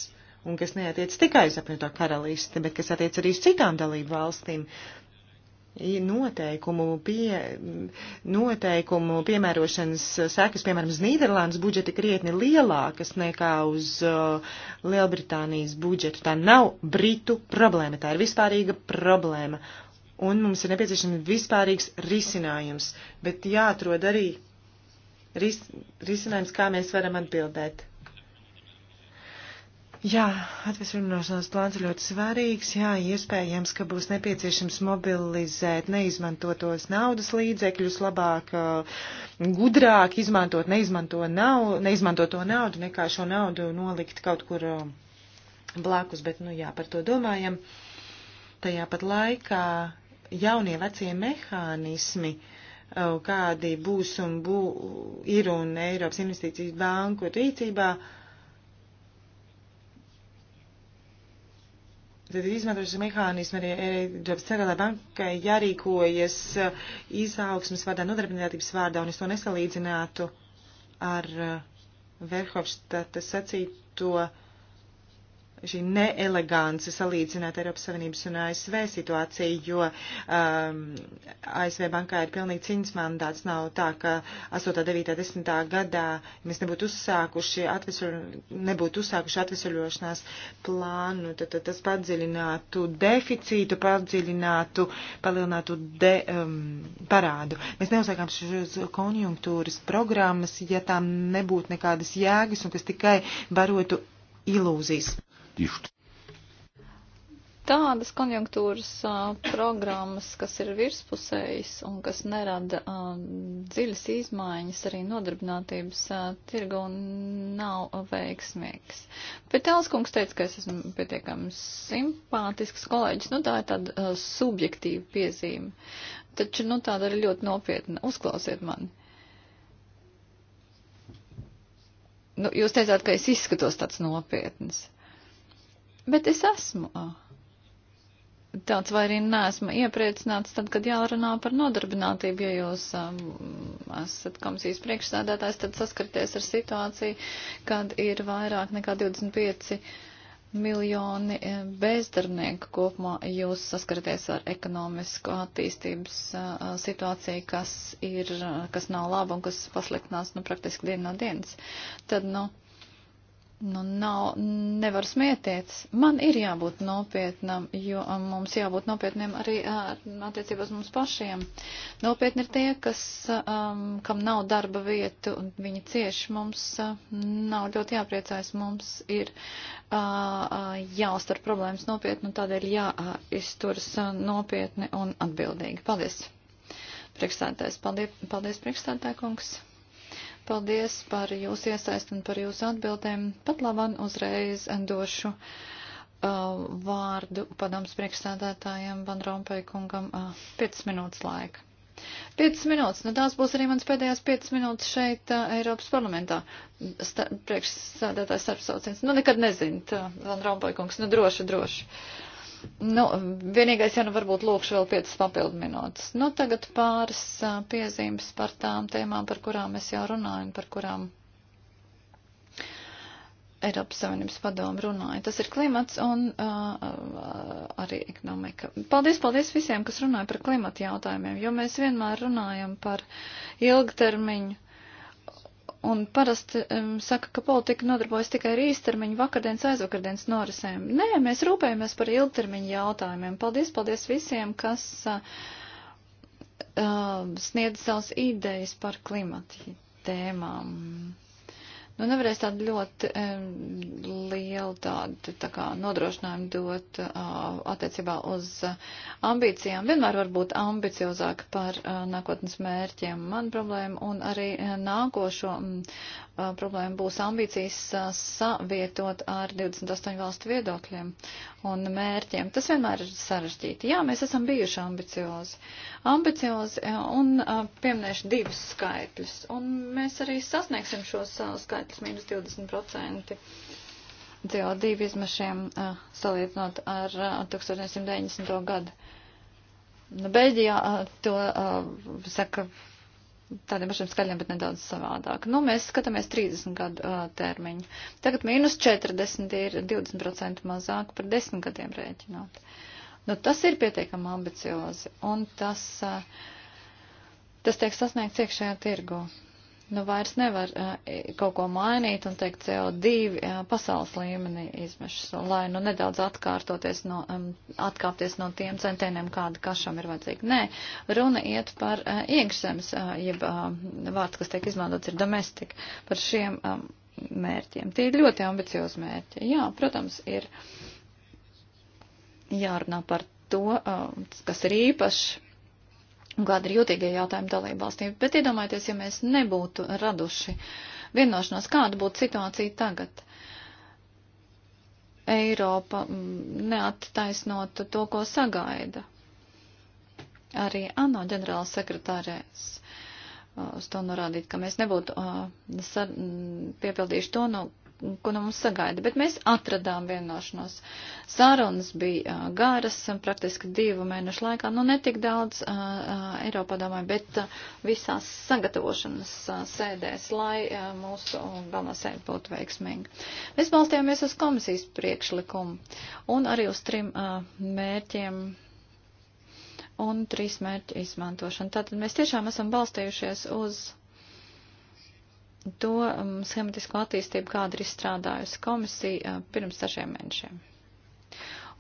un kas neatiec tikai uz apvienoto karalisti, bet kas attiec arī uz citām dalību valstīm. Uh, noteikumu, pie, noteikumu piemērošanas sekas, piemēram, uz Nīderlandes budžeta krietni lielākas nekā uz uh, Lielbritānijas budžetu. Tā nav Britu problēma, tā ir vispārīga problēma. Un mums ir nepieciešams vispārīgs risinājums, bet jāatrod arī ris, risinājums, kā mēs varam atbildēt. Jā, atvesļošanās plāns ir ļoti svarīgs. Jā, iespējams, ka būs nepieciešams mobilizēt neizmantotos naudas līdzekļus, labāk, uh, gudrāk izmantot neizmanto nav, neizmantoto naudu, nekā šo naudu nolikt kaut kur uh, blakus, bet, nu jā, par to domājam. Tajā pat laikā jaunie vecie mehānismi uh, kādi būs un bū, ir un Eiropas investīcijas banku rīcībā, uh, Tad izmantošanas mehānismi arī Eiropas centrālajai bankai jārīkojas eh, izaugsmas vārdā, nodarbinātības vārdā, un es to nesalīdzinātu ar eh, Verhofstadta sacīto šī neelegance salīdzināt Eiropas Savienības un ASV situāciju, jo um, ASV bankā ir pilnīgi cīņas mandāts. Nav tā, ka 8., 9., 10. gadā mēs nebūtu uzsākuši, atvesuļ, nebūtu uzsākuši atvesuļošanās plānu, tad, tad tas padziļinātu deficītu, padziļinātu, palielinātu de, um, parādu. Mēs neuzsākām šīs konjunktūras programmas, ja tām nebūtu nekādas jēgas un kas tikai barotu ilūzijas die tādas konjunktūras uh, programmas, kas ir virspusējas un kas nerada uh, dziļas izmaiņas arī nodarbinātības uh, tirgu un nav veiksmīgs. Bet Elskungs teica, ka es esmu pietiekami simpātisks kolēģis, nu tā ir tāda subjektīva piezīme. Taču, nu tāda ir ļoti nopietna. Uzklausiet mani. Nu, jūs teicāt, ka es izskatos tāds nopietns. Uh, Bet es esmu tāds vai arī neesmu iepriecināts tad, kad jārunā par nodarbinātību, ja jūs um, esat komisijas priekšsēdētājs, tad saskarties ar situāciju, kad ir vairāk nekā 25 miljoni bezdarbnieku kopumā. Jūs saskaraties ar ekonomisku attīstības uh, situāciju, kas ir, kas nav laba un kas pasliktinās, nu, praktiski dienu no dienas. Tad, nu, nu, nav, nevar smieties. Man ir jābūt nopietnam, jo mums jābūt nopietniem arī attiecībās mums pašiem. Nopietni ir tie, kas, um, kam nav darba vietu, un viņi cieši mums uh, nav ļoti jāpriecājas. Mums ir uh, jāuztver problēmas nopietni, un tādēļ jāizturas uh, nopietni un atbildīgi. Paldies! Priekšstādājs, paldies, paldies priekšstādāj kungs! Paldies par jūsu iesaistu un par jūsu atbildēm. Pat labam uzreiz došu uh, vārdu padoms priekšstādātājiem Van Rompai kungam uh, 5 minūtes laika. 5 minūtes, nu tās būs arī mans pēdējās 5 minūtes šeit uh, Eiropas parlamentā. Star priekšsādātājs starpsauciens, nu nekad nezinu, uh, Van Rompai kungs, nu droši, droši. Uh, Nu, vienīgais, ja nu varbūt lūkšu vēl 5 papildu minūtes. Nu, tagad pāris piezīmes par tām tēmām, par kurām es jau runāju un par kurām Eiropas Savienības padomu runāja. Tas ir klimats un uh, arī ekonomika. Paldies, paldies visiem, kas runāja par klimata jautājumiem, jo mēs vienmēr runājam par ilgtermiņu un parasti um, saka, ka politika nodarbojas tikai ar īstermiņu vakardienas aizvakardienas norisēm. Nē, mēs rūpējamies par ilgtermiņu jautājumiem. Paldies, paldies visiem, kas uh, sniedz savas idejas par klimatu tēmām. Nu, nevarēs tādu ļoti um, lielu tādu tā kā nodrošinājumu dot uh, attiecībā uz uh, ambīcijām. Vienmēr var būt ambiciozāk par uh, nākotnes mērķiem. Man problēma un arī uh, nākošo um, Uh, problēma būs ambīcijas uh, savietot ar 28 valstu viedokļiem un mērķiem. Tas vienmēr ir sarežģīti. Jā, mēs esam bijuši ambiciozi. Ambiciozi uh, un pieminēšu divus skaitļus. Un mēs arī sasniegsim šos skaitļus mīnus 20%. CO2 izmešiem salīdzinot ar 1990. gadu. Nu, Beļģijā to saka tādiem pašiem skaļiem, bet nedaudz savādāk. Nu, mēs skatāmies 30 gadu uh, termiņu. Tagad mīnus 40 ir 20% mazāk par 10 gadiem rēķinot. Nu, tas ir pietiekami ambiciozi, un tas, uh, tas tiek sasniegts iekšējā tirgu nu vairs nevar uh, kaut ko mainīt un teikt CO2 uh, pasaules līmenī izmešas, lai nu nedaudz atkārtoties no, um, atkāpties no tiem centieniem, kāda kašam ir vajadzīga. Nē, runa iet par uh, iekšzemes, uh, jeb uh, vārds, kas tiek izmantots, ir domestika, par šiem um, mērķiem. Tie ir ļoti ambiciozi mērķi. Jā, protams, ir jārunā par to, uh, kas ir īpašs un kāda ir jūtīgie jautājumi dalību valstīm. Bet iedomājieties, ja mēs nebūtu raduši vienošanos, kāda būtu situācija tagad. Eiropa mm, neattaisnot to, ko sagaida. Arī ANO ģenerāla sekretārēs uh, uz to norādīt, ka mēs nebūtu uh, mm, piepildījuši to, no nu, ko no mums sagaida. Bet mēs atradām vienošanos. Sārunas bija uh, garas, praktiski divu mēnešu laikā. Nu, netik daudz uh, Eiropā domāju, bet uh, visās sagatavošanas uh, sēdēs, lai uh, mūsu galvenā sēde būtu veiksmīga. Mēs balstījāmies uz komisijas priekšlikumu un arī uz trim uh, mērķiem un trīs mērķu izmantošanu. Tātad mēs tiešām esam balstījušies uz to um, schematisko attīstību, kāda ir izstrādājusi komisija uh, pirms dažiem mēnešiem.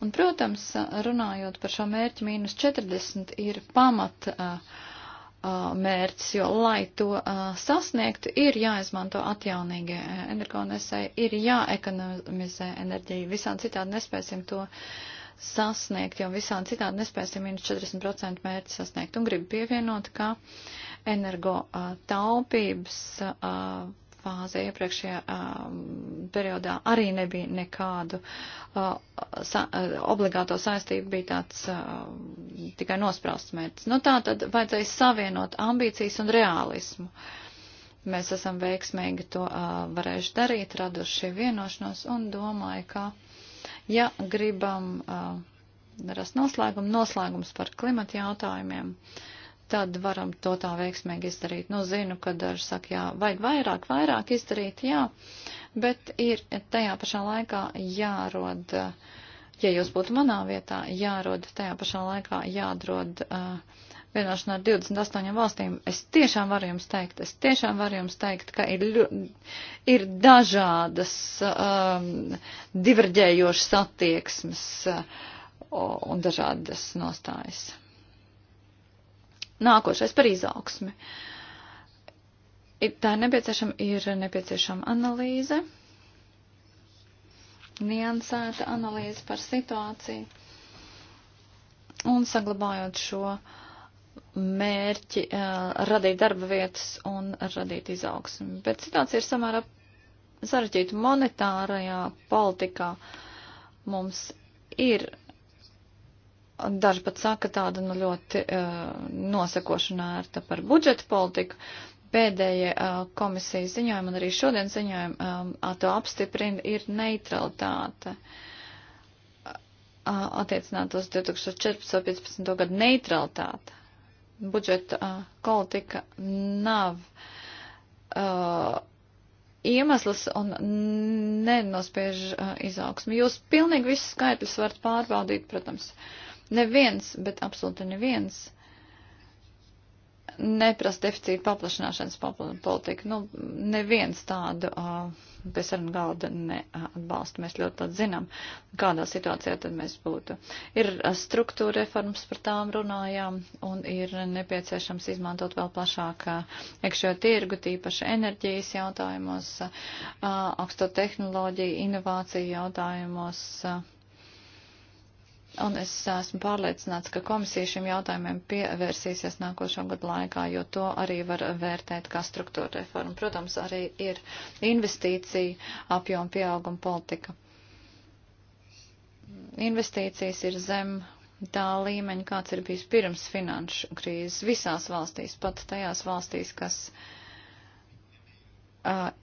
Un, protams, uh, runājot par šo mērķu, mīnus 40 ir pamat uh, uh, mērķis, jo, lai to uh, sasniegtu, ir jāizmanto atjaunīgie energonesēji, ir jāekonomizē enerģija. Visām citādi nespēsim to sasniegt, jo visām citādi nespēsim minus 40% mērķi sasniegt. Un gribu pievienot, ka uh, energo taupības fāze iepriekšējā periodā arī nebija nekādu sa, obligāto saistību, bija tāds tikai nosprausts mērķis. Nu tā tad vajadzēja savienot ambīcijas un realismu. Mēs esam veiksmīgi to varējuši darīt, raduši vienošanos un domāju, ka ja gribam rast noslēgumu, noslēgums par klimata jautājumiem. Uh, tad varam to tā veiksmīgi izdarīt. Nu, zinu, ka daži saka, jā, vajag vairāk, vairāk izdarīt, jā, bet ir tajā pašā laikā jārod, ja jūs būtu manā vietā, jārod tajā pašā laikā, jādrod uh, vienošanā ar 28 valstīm. Es tiešām varu jums teikt, es tiešām varu jums teikt, ka ir, ir dažādas um, diverģējošas attieksmes uh, un dažādas nostājas. Nākošais par izaugsmi. Tā ir nepieciešama, ir nepieciešama analīze, niansēta analīze par situāciju un saglabājot šo mērķi eh, radīt darba vietas un radīt izaugsmi. Bet situācija ir samērā sarežģīta monetārajā politikā. Mums ir Daži pat saka tāda nu, ļoti uh, eh, nosakošana ērta par budžeta politiku. Pēdējie uh, komisijas ziņojumi un arī šodien ziņojumi um, to apstiprina ir neutralitāte. Uh, attiecināt uz 2014-2015 gadu neutralitāte. Budžeta uh, politika nav uh, iemesls un nenospiež uh, izaugsmi. Jūs pilnīgi visus skaitļus varat pārbaudīt, protams. Uh, Neviens, bet absolūti neviens neprasa deficīta paplašināšanas politiku. Nu, neviens tādu pie sarunu galda neatbalsta. Mēs ļoti labi zinām, kādā situācijā tad mēs būtu. Ir struktūra reformas, par tām runājām, un ir nepieciešams izmantot vēl plašāk iekšējo tirgu, tīpaši enerģijas jautājumos, augsto tehnoloģiju, inovāciju jautājumos. A, Un es esmu pārliecināts, ka komisija šiem jautājumiem pievērsīsies nākošo gadu laikā, jo to arī var vērtēt kā struktūra reforma. Protams, arī ir investīcija apjoma pieauguma politika. Investīcijas ir zem tā līmeņa, kāds ir bijis pirms finanšu krīzes visās valstīs, pat tajās valstīs, kas. Uh,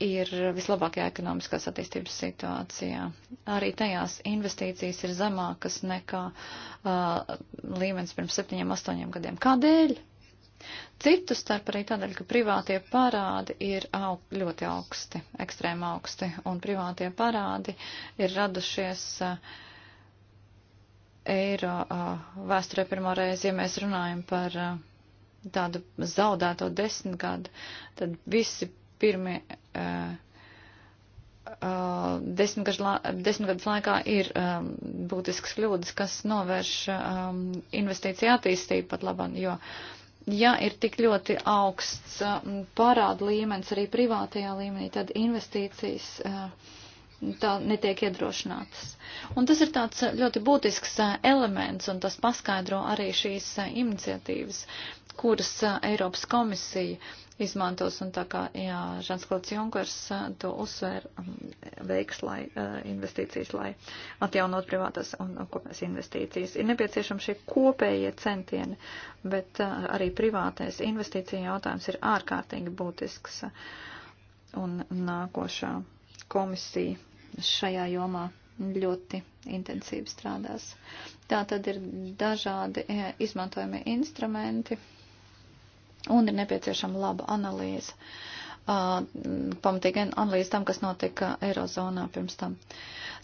ir vislabākajā ekonomiskās attīstības situācijā. Arī tajās investīcijas ir zemākas nekā uh, līmenis pirms septiņiem, astoņiem gadiem. Kādēļ? Citu starp arī tādēļ, ka privātie parādi ir aug, ļoti augsti, ekstrēmi augsti, un privātie parādi ir radušies uh, eiro uh, vēsturē pirmo reizi, ja mēs runājam par uh, tādu zaudēto desmitgadu, tad visi pirmie uh, uh, desmitgadus la, desmit laikā ir um, būtisks kļūdas, kas novērš um, investīciju attīstību pat labam, jo ja ir tik ļoti augsts um, parāda līmenis arī privātajā līmenī, tad investīcijas. Uh, tā netiek iedrošinātas. Un tas ir tāds ļoti būtisks elements, un tas paskaidro arī šīs iniciatīvas, kuras Eiropas komisija izmantos. Un tā kā Žansklots Junkers to uzsver, um, veiks, lai investīcijas, lai atjaunot privātas un kopējas investīcijas. Ir nepieciešami šie kopējie centieni, bet arī privātais investīcija jautājums ir ārkārtīgi būtisks. Un nākošā komisija šajā jomā ļoti intensīvi strādās. Tā tad ir dažādi izmantojami instrumenti un ir nepieciešama laba analīze, uh, pamatīga analīze tam, kas notika Eirozonā pirms tam.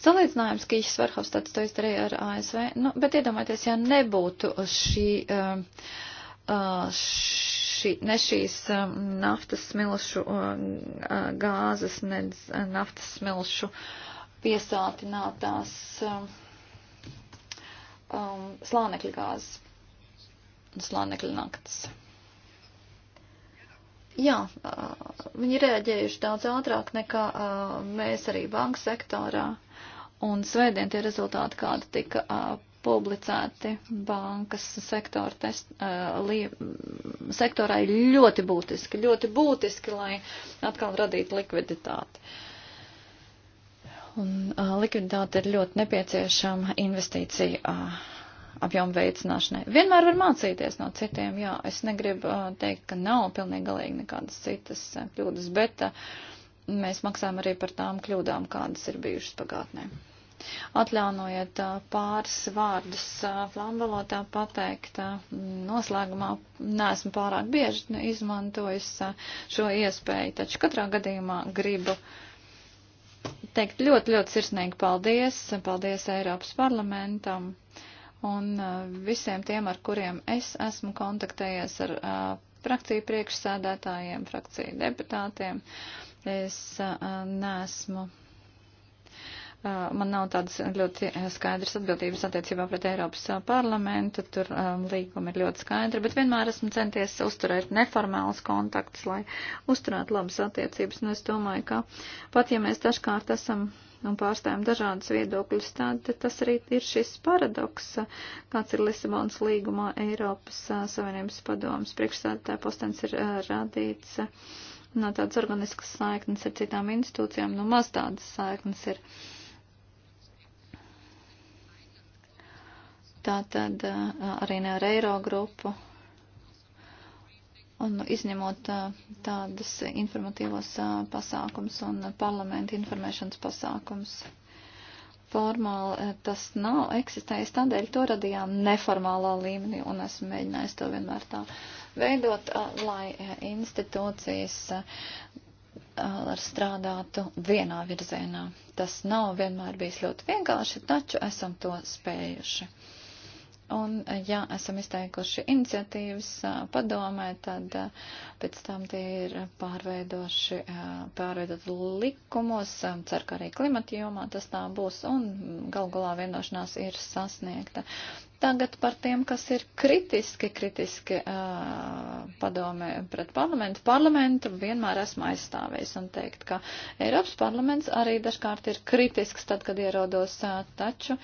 Salīdzinājums, ka Išs Verhofstads to izdarīja ar ASV, nu, bet iedomājieties, ja nebūtu šī. Uh, šī šī, ne šīs um, naftas smilšu um, gāzes, ne naftas smilšu piesātinātās um, um, slānekļa gāzes un slānekļa naktas. Jā, viņi reaģējuši daudz ātrāk nekā mēs arī banka sektorā. Un svētdien tie rezultāti, kādi tika publicēti bankas sektora test, li, sektorā ir ļoti būtiski, ļoti būtiski, lai atkal radītu likviditāti. Un likviditāte ir ļoti nepieciešama investīcija apjomu veicināšanai. Vienmēr var mācīties no citiem, jā, es negribu teikt, ka nav pilnīgi galīgi nekādas citas kļūdas, bet mēs maksājam arī par tām kļūdām, kādas ir bijušas pagātnē. Atļaunojiet pāris vārdus flāmbalotā pateikt. Noslēgumā neesmu pārāk bieži nu, izmantojis šo iespēju, taču katrā gadījumā gribu teikt ļoti, ļoti sirsnīgi paldies. Paldies Eiropas parlamentam Un uh, visiem tiem, ar kuriem es esmu kontaktējies ar uh, frakciju priekšsēdētājiem, frakciju deputātiem, es uh, neesmu man nav tādas ļoti skaidras atbildības attiecībā pret Eiropas parlamentu, tur um, līguma ir ļoti skaidra, bet vienmēr esmu centies uzturēt neformālus kontaktus, lai uzturētu labas attiecības, un es domāju, ka pat ja mēs dažkārt esam un pārstāvjam dažādas viedokļas, tad tas arī ir šis paradoks, kāds ir Lisabonas līgumā Eiropas Savienības padomas priekšstādātāja postens ir radīts no tādas organiskas saiknes ar citām institūcijām, nu maz tādas saiknes ir. Tātad arī ne ar Eiro grupu, Un izņemot tādas informatīvos pasākums un parlamenta informēšanas pasākums. Formāli tas nav eksistējis, tādēļ to radījām neformālā līmenī un esmu mēģinājis to vienmēr tā veidot, lai institūcijas strādātu vienā virzienā. Tas nav vienmēr bijis ļoti vienkārši, taču esam to spējuši. Un, eh, ja esam izteikuši iniciatīvas eh, padomē, tad eh, pēc tam tie ir pārveidoši, pārveidot likumos, ceru, ka arī klimata jomā tas tā būs, un mm, gal galā vienošanās ir sasniegta. Tagad par tiem, kas ir kritiski, kritiski uh, padomē pret parlamentu. Parlamentu vienmēr esmu aizstāvējis un teikt, ka Eiropas parlaments arī dažkārt ir kritisks tad, kad ierodos, uh, taču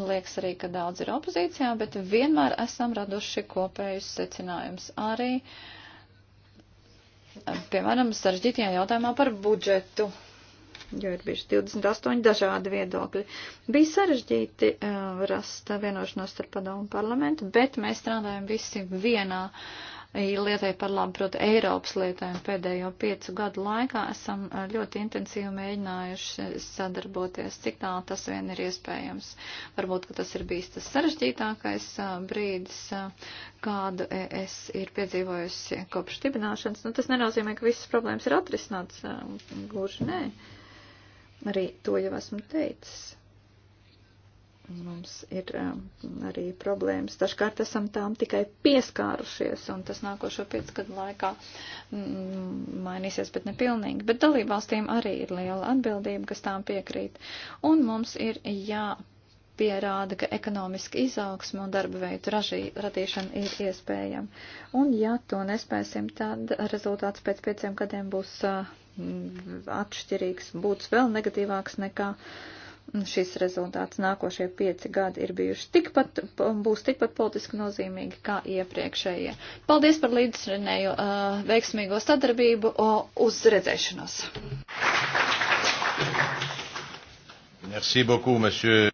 liekas arī, ka daudz ir opozīcijā, bet vienmēr esam raduši kopējus secinājumus arī, uh, piemēram, sarežģītajā jautājumā par budžetu. Uh, jo ir bijuši 28 dažādi viedokļi. Bija sarežģīti uh, rast vienošanos starp padomu parlamentu, bet mēs strādājam visi vienā eh, lietai par labu, proti, Eiropas lietām. Pēdējo piecu gadu laikā esam eh, ļoti intensīvi mēģinājuši sadarboties, cik tālu tas vien ir iespējams. Varbūt, ka tas ir bijis tas sarežģītākais brīdis, kādu es ir piedzīvojusi kopš dibināšanas. Nu, tas nenozīmē, ka visas problēmas ir atrisināts, gluži nē. Ne Arī to jau esmu teicis. Mums ir um, arī problēmas. Dažkārt esam tām tikai pieskārušies, un tas nākošo piecu gadu laikā mm, mainīsies, bet nepilnīgi. Bet dalībvalstīm arī ir liela atbildība, kas tām piekrīt. Un mums ir jāpierāda, ka ekonomiska izaugsma un darba veidu ražī, radīšana ir iespējama. Un ja to nespēsim, tad rezultāts pēc pieciem gadiem būs. Uh, atšķirīgs, būtu vēl negatīvāks nekā šis rezultāts. Nākošie pieci gadi ir bijuši tikpat, būs tikpat politiski nozīmīgi kā iepriekšējie. Paldies par līdzsrenēju uh, veiksmīgo sadarbību uz redzēšanos. Merci beaucoup, monsieur.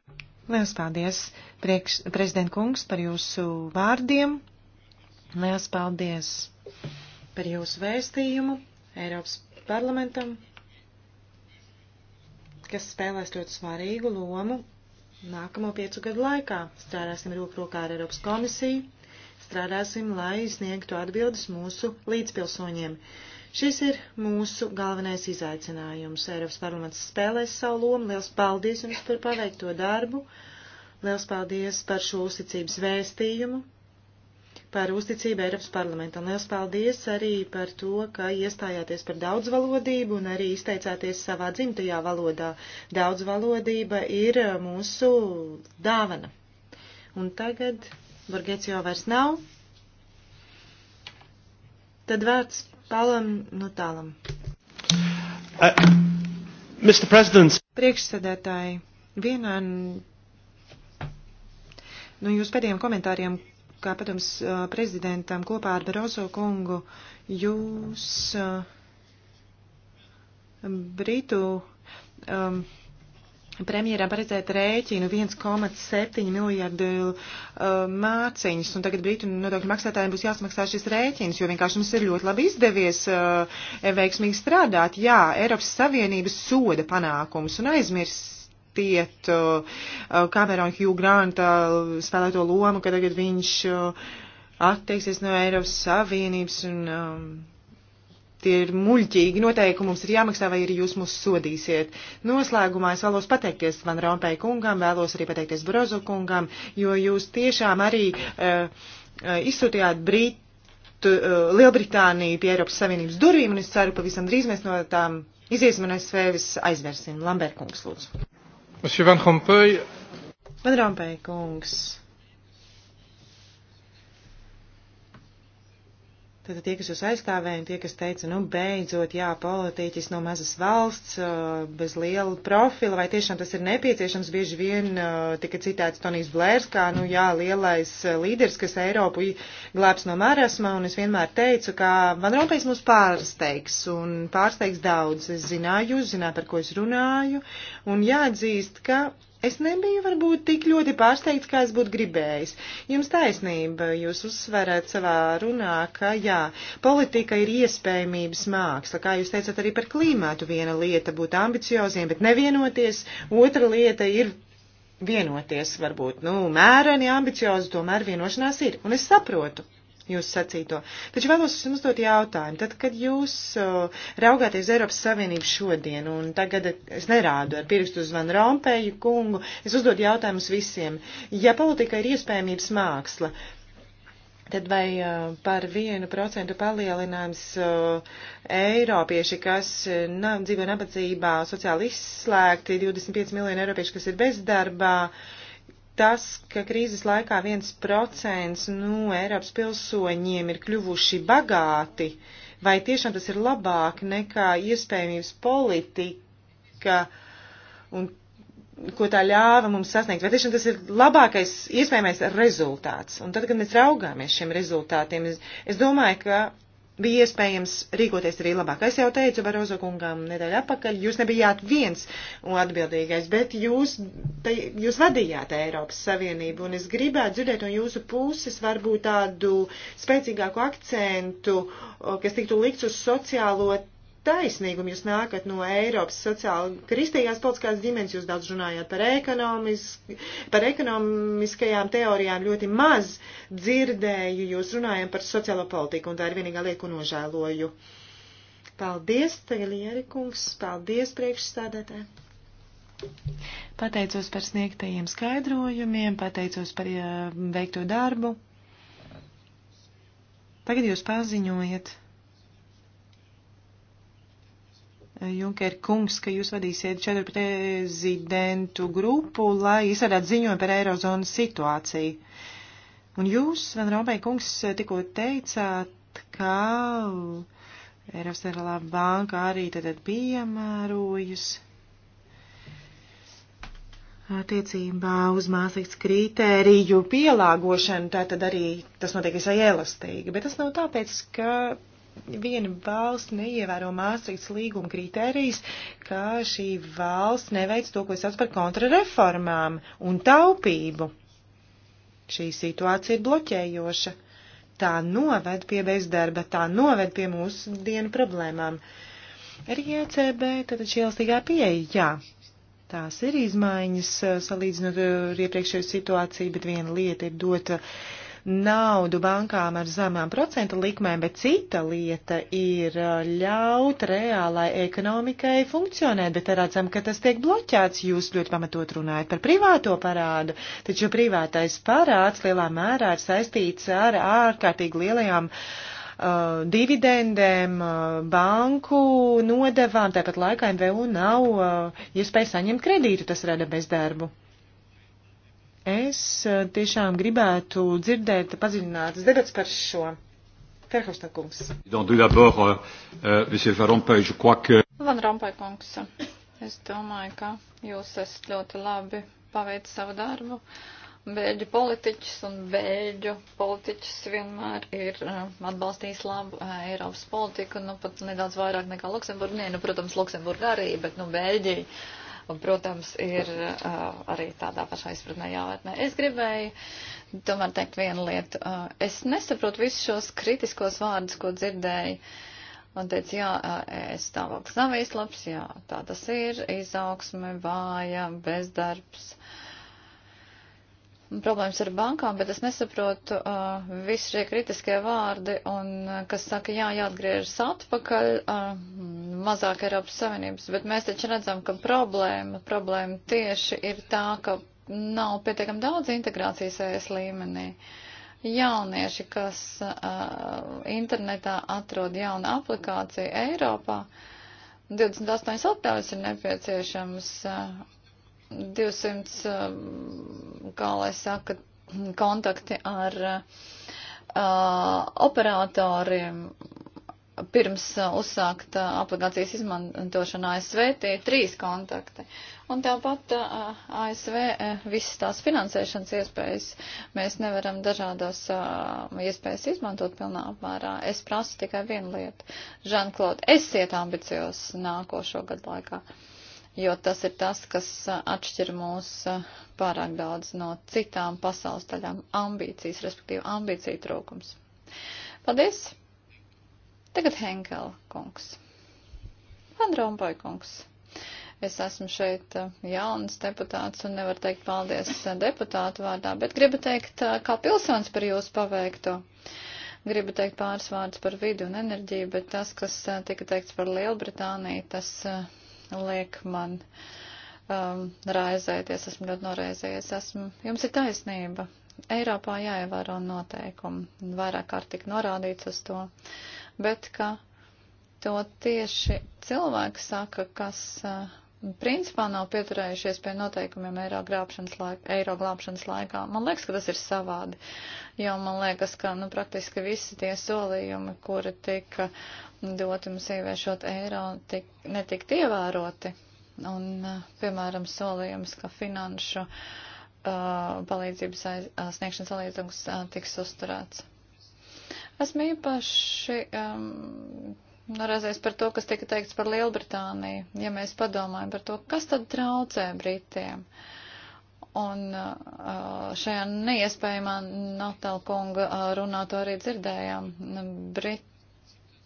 Liels paldies, priekš, prezident kungs, par jūsu vārdiem. Liels paldies par jūsu vēstījumu. Eiropas parlamentam, kas spēlēs ļoti svarīgu lomu nākamo piecu gadu laikā. Strādāsim rokrokā ar Eiropas komisiju, strādāsim, lai sniegtu atbildes mūsu līdzpilsoņiem. Šis ir mūsu galvenais izaicinājums. Eiropas parlaments spēlēs savu lomu. Liels paldies jums par paveikto darbu. Liels paldies par šo uzticības vēstījumu par uzticību Eiropas parlamentam. Liels paldies arī par to, ka iestājāties par daudzvalodību un arī izteicāties savā dzimtajā valodā. Daudzvalodība ir eh, mūsu dāvana. Un tagad Borgets jau vairs nav. Tad vārds Palam Nutālam. Uh, Mr. President. Priekšsēdētāji, vienā no nu, jūsu pēdējiem komentāriem kā padoms prezidentam kopā ar Barozo kungu, jūs Britu um, premjerā paredzēt rēķinu 1,7 miljardu uh, māciņas, un tagad Britu nodokļu maksātājiem būs jāsmaksā šis rēķins, jo vienkārši mums ir ļoti labi izdevies uh, veiksmīgi strādāt. Jā, Eiropas Savienības soda panākums un aizmirs šķiet Kamerona Hugh Granta spēlēto lomu, ka tagad viņš atteiksies no Eiropas Savienības un um, tie ir muļķīgi noteikumi, mums ir jāmaksā vai arī jūs mūs sodīsiet. Noslēgumā es vēlos pateikties Van Rompēj kungam, vēlos arī pateikties Brozo kungam, jo jūs tiešām arī uh, izsūtījāt Britu, uh, Lielbritāniju pie Eiropas Savienības durvīm, un es ceru, pavisam drīz mēs no tām iziesim un es sevis aizversim. Lambert kungs, lūdzu. Monsieur Van Rompuy. Van Rompuy kungs. Tātad tie, kas jūs aizstāvēja, un tie, kas teica, nu, beidzot, jā, politiķis no mazas valsts, bez liela profila, vai tiešām tas ir nepieciešams, bieži vien tika citēts Tonijs Blērs, kā, nu, jā, lielais līderis, kas Eiropu glābs no marasma, un es vienmēr teicu, ka Van Rompējs mūs pārsteigs, un pārsteigs daudz. Es zināju, jūs zināt, par ko es runāju, un jāatzīst, ka Es nebiju varbūt tik ļoti pārsteigts, kā es būtu gribējis. Jums taisnība, jūs uzsverēt savā runā, ka jā, politika ir iespējamības māksla. Kā jūs teicat arī par klimātu, viena lieta būt ambicioziem, bet nevienoties, otra lieta ir vienoties varbūt, nu, mēreni ambiciozi, tomēr vienošanās ir. Un es saprotu jūs sacīto. Taču vēlos jums dot jautājumu. Tad, kad jūs raugāties Eiropas Savienību šodien, un tagad es nerādu ar pirkstu uz Van Rompēju kungu, es uzdodu jautājumus visiem. Ja politika ir iespējamības māksla, Tad vai par vienu procentu palielinājums eiropieši, kas e, nav dzīvo nabadzībā, sociāli izslēgti, 25 miljoni eiropieši, kas ir bezdarbā, uh, tas, ka krīzes laikā viens procents no Eiropas pilsoņiem ir kļuvuši bagāti, vai tiešām tas ir labāk nekā iespējamības politika un ko tā ļāva mums sasniegt, vai tiešām tas ir labākais iespējamais rezultāts. Un tad, kad mēs raugāmies šiem rezultātiem, es, es domāju, ka bija iespējams rīkoties arī labāk. Es jau teicu Barozo kungam nedēļa apakaļ, jūs nebijāt viens atbildīgais, bet jūs, te, jūs vadījāt Eiropas Savienību, un es gribētu dzirdēt no jūsu puses varbūt tādu spēcīgāku akcentu, kas tiktu likts uz sociālo taisnīgumu. Jūs nākat no Eiropas sociāla kristīgās politiskās ģimenes, jūs daudz runājāt par, ekonomisk, par ekonomiskajām teorijām, ļoti maz dzirdēju, jūs runājam par sociālo politiku, un tā ir vienīgā lieta, ko nožēloju. Paldies, Tagalieri kungs, paldies priekšstādētē. Pateicos par sniegtajiem skaidrojumiem, pateicos par jā, eh, veikto darbu. Tagad jūs paziņojat Junker kungs, ka jūs vadīsiet četru prezidentu grupu, lai izsarāt ziņojumu par Eirozonas situāciju. Un jūs, Van Rompē kungs, tikko teicāt, ka Eiropas centrālā banka arī tad piemērojas attiecībā uz māsīgs kritēriju pielāgošanu, tā tad arī tas notiek visai elastīgi, bet tas nav tāpēc, ka viena valsts neievēro māstrītas līguma kritērijas, ka šī valsts neveic to, ko sauc par kontrareformām un taupību. Šī situācija ir bloķējoša. Tā noved pie bezdarba, tā noved pie mūsu dienu problēmām. Arī ECB, tad šī elastīgā pieeja, jā. Tās ir izmaiņas salīdzinot uh, ar iepriekšējo situāciju, bet viena lieta ir dot uh, naudu bankām ar zemām procentu likmēm, bet cita lieta ir uh, ļaut reālai ekonomikai funkcionēt, bet redzam, ka tas tiek bloķēts. Jūs ļoti pamatot runājat par privāto parādu, taču privātais parāds lielā mērā ir saistīts ar ārkārtīgi lielajām Uh, dividendēm, uh, banku nodevām, tāpat laikā MVU nav uh, iespēja saņemt kredītu, tas rada bezdarbu. Es eh, tiešām gribētu dzirdēt padziļinātas debats par šo. Ferhofstad kungs. Euh, euh, Van Rompuy kungs, es domāju, ka jūs esat ļoti labi paveicis savu darbu. Bēļu politiķis un bēļu politiķis vienmēr ir eh, atbalstījis labu eh, Eiropas politiku, nu pat nedaudz vairāk nekā Luksemburga. Nē, nu, protams, Luksemburga arī, bet, nu, Bēļģija un, protams, ir uh, arī tādā pašā izpratnē jāvērtnē. Es gribēju tomēr teikt vienu lietu. Uh, es nesaprotu visus šos kritiskos vārdus, ko dzirdēju. Un teica, jā, uh, es stāvoklis nav īslabs, jā, tā tas ir, izaugsme, vāja, bezdarbs, problēmas ar bankām, bet es nesaprotu uh, visi šie kritiskie vārdi, un, kas saka, jā, jāatgriežas atpakaļ, uh, mazāk Eiropas Savienības, bet mēs taču redzam, ka problēma, problēma tieši ir tā, ka nav pietiekam daudz integrācijas ES līmenī. Jaunieši, kas uh, internetā atrod jaunu aplikāciju Eiropā, 28 atļaujas ir nepieciešams. Uh, 200, um, kā lai saka, kontakti ar uh, operatoriem pirms uh, uzsākt uh, aplikācijas izmantošana ASV, tie ir trīs kontakti. Un tāpat uh, ASV visas tās finansēšanas iespējas mēs nevaram dažādos iespējas izmantot pilnā apmērā. Es prasu tikai vienu lietu. Žanklod, esiet ambicios nākošo gadu laikā. Uh, jo tas ir tas, kas atšķir mūs pārāk daudz no citām pasaules daļām - ambīcijas, respektīvi ambīcija trūkums. Paldies! Tagad Henkel kungs. Van Rompuy kungs. Es esmu šeit jauns deputāts un nevaru teikt paldies deputātu vārdā, bet gribu teikt kā pilsonis par jūsu paveikto. Gribu teikt pāris vārdus par vidu un enerģiju, bet tas, kas tika teikts par Lielbritāniju, tas liek man um, raizēties, esmu ļoti noraizējies. Esmu, jums ir taisnība. Eiropā jāievēro noteikumi. Vairāk kārt tik norādīts uz to. Bet, ka to tieši cilvēki saka, kas uh, principā nav pieturējušies pie noteikumiem eiro, laik, eiro glābšanas laikā. Man liekas, ka tas ir savādi, jo man liekas, ka nu, praktiski visi tie solījumi, kuri tika dotums ieviešot eiro tik, netikt ievēroti. Un, eh, piemēram, solījums, ka finanšu uh, palīdzības aiz, uh, sniegšanas aizliegums uh, tiks uzturēts. Esmu īpaši um, norazies par to, kas tika teikts par Lielbritāniju, ja mēs padomājam par to, kas tad traucē Britiem. Un uh, šajā neiespējamā Natal kunga runā to arī dzirdējām. Brit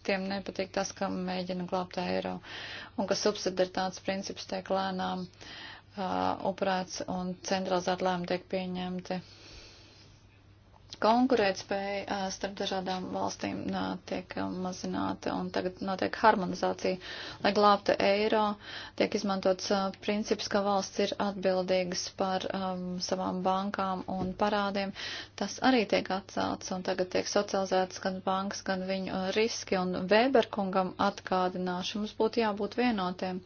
tiem nepatīk tas, ka mēģina glābt eiro un ka subsidaritātes princips tiek lēnām uh, upurēts un centralizēt lēmumi tiek pieņemti konkurētspēja starp dažādām valstīm tiek mazināta un tagad notiek harmonizācija. Lai glābtu eiro, tiek izmantots princips, ka valsts ir atbildīgas par um, savām bankām un parādiem. Tas arī tiek atcelts un tagad tiek socializēts gan bankas, gan viņu riski un Weberkungam atkādināšu. Mums būtu jābūt vienotiem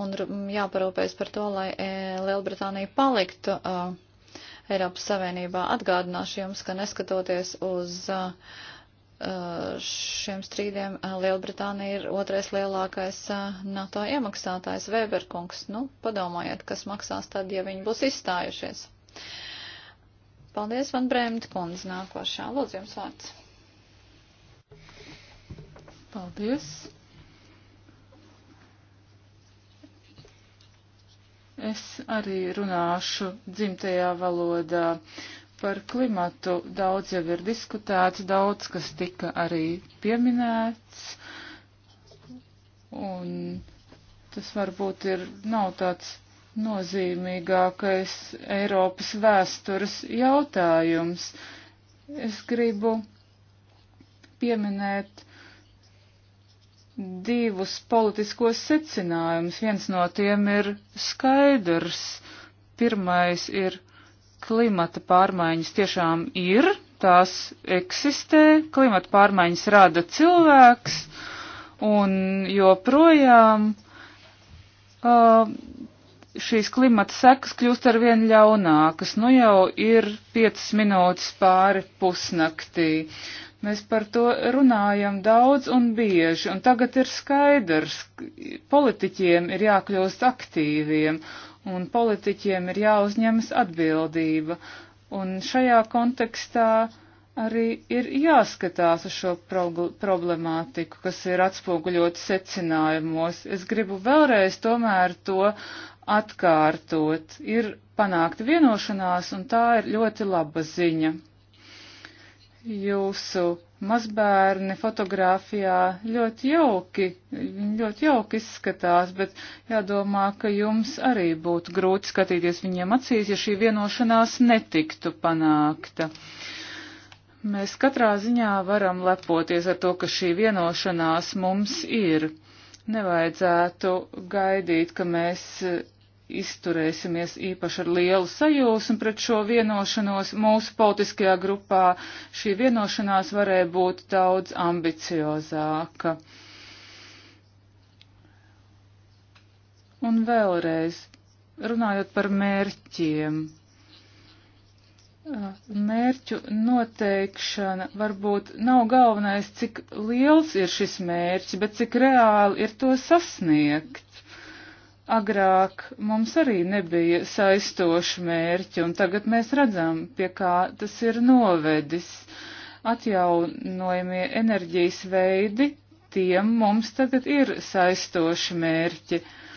un jāparūpēs par to, lai Lielbritānija paliktu. Uh, Eiropas Savienībā. Atgādināšu jums, ka neskatoties uz uh, šiem strīdiem, uh, Lielbritānija ir otrais lielākais uh, NATO iemaksātājs Weberkungs. Nu, padomājiet, kas maksās tad, ja viņi būs izstājušies. Paldies, Van Brēmt kundze, nākošā. Lūdzu, jums vārds. Paldies. Es arī runāšu dzimtajā valodā. Par klimatu daudz jau ir diskutēts, daudz kas tika arī pieminēts. Un tas varbūt ir, nav tāds nozīmīgākais Eiropas vēstures jautājums. Es gribu pieminēt divus politiskos secinājumus. Viens no tiem ir skaidrs. Pirmais ir klimata pārmaiņas tiešām ir, tās eksistē, klimata pārmaiņas rada cilvēks un joprojām uh, šīs klimata sekas kļūst ar vien ļaunākas. Nu jau ir 5 minūtes pāri pusnaktī. Mēs par to runājam daudz un bieži, un tagad ir skaidrs, politiķiem ir jākļūst aktīviem, un politiķiem ir jāuzņemas atbildība. Un šajā kontekstā arī ir jāskatās uz šo problemātiku, kas ir atspoguļot secinājumos. Es gribu vēlreiz tomēr to atkārtot. Ir panākta vienošanās, un tā ir ļoti laba ziņa jūsu mazbērni fotografijā ļoti jauki, viņi ļoti jauki izskatās, bet jādomā, ka jums arī būtu grūti skatīties viņiem acīs, ja šī vienošanās netiktu panākta. Mēs katrā ziņā varam lepoties ar to, ka šī vienošanās mums ir. Nevajadzētu gaidīt, ka mēs izturēsimies īpaši ar lielu sajūsmu pret šo vienošanos. Mūsu politiskajā grupā šī vienošanās varēja būt daudz ambiciozāka. Un vēlreiz, runājot par mērķiem. Mērķu noteikšana varbūt nav galvenais, cik liels ir šis mērķis, bet cik reāli ir to sasniegt agrāk mums arī nebija saistoši mērķi, un tagad mēs redzam, pie kā tas ir novedis. Atjaunojamie enerģijas veidi, tiem mums tagad ir saistoši mērķi. Uh,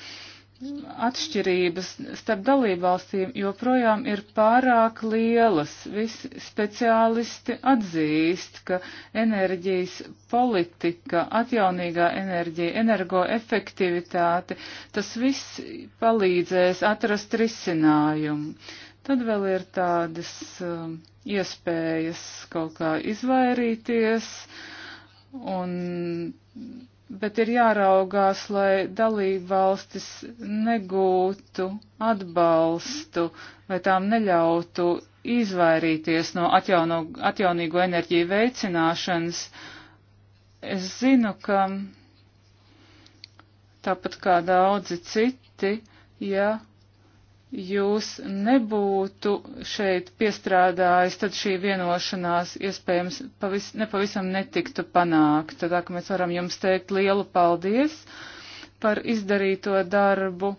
atšķirības starp dalībvalstīm joprojām ir pārāk lielas. Visi speciālisti atzīst, ka enerģijas politika, atjaunīgā enerģija, energoefektivitāte, tas viss palīdzēs atrast risinājumu. Tad vēl ir tādas um, iespējas kaut kā izvairīties un bet ir jāraugās, lai dalībvalstis negūtu atbalstu vai tām neļautu izvairīties no atjauno, atjaunīgo enerģiju veicināšanas. Es zinu, ka tāpat kā daudzi citi, ja jūs nebūtu šeit piestrādājis, tad šī vienošanās iespējams pavis, nepavisam netiktu panākta. Tā ka mēs varam jums teikt lielu paldies par izdarīto darbu.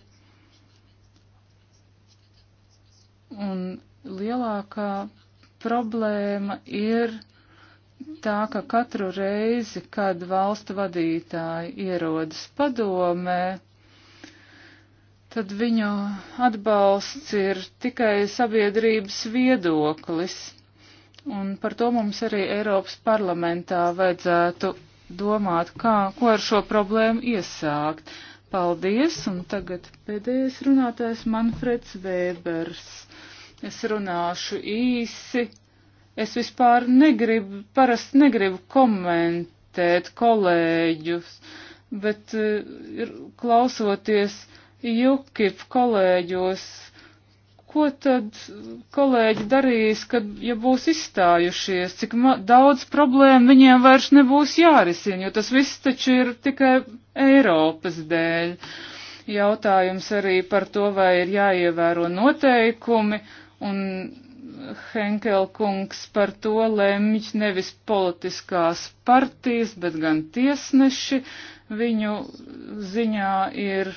Un lielākā problēma ir tā, ka katru reizi, kad valstu vadītāji ierodas padomē, tad viņu atbalsts ir tikai sabiedrības viedoklis. Un par to mums arī Eiropas parlamentā vajadzētu domāt, kā, ko ar šo problēmu iesākt. Paldies, un tagad pēdējais runātājs Manfreds Vēbers. Es runāšu īsi. Es vispār negribu, parasti negribu komentēt kolēģus, bet eh, ir klausoties UKIP kolēģos, ko tad kolēģi darīs, kad, ja būs izstājušies, cik daudz problēmu viņiem vairs nebūs jārisina, jo tas viss taču ir tikai Eiropas dēļ. Jautājums arī par to, vai ir jāievēro noteikumi, un Henkelkungs par to lemj nevis politiskās partijas, bet gan tiesneši viņu ziņā ir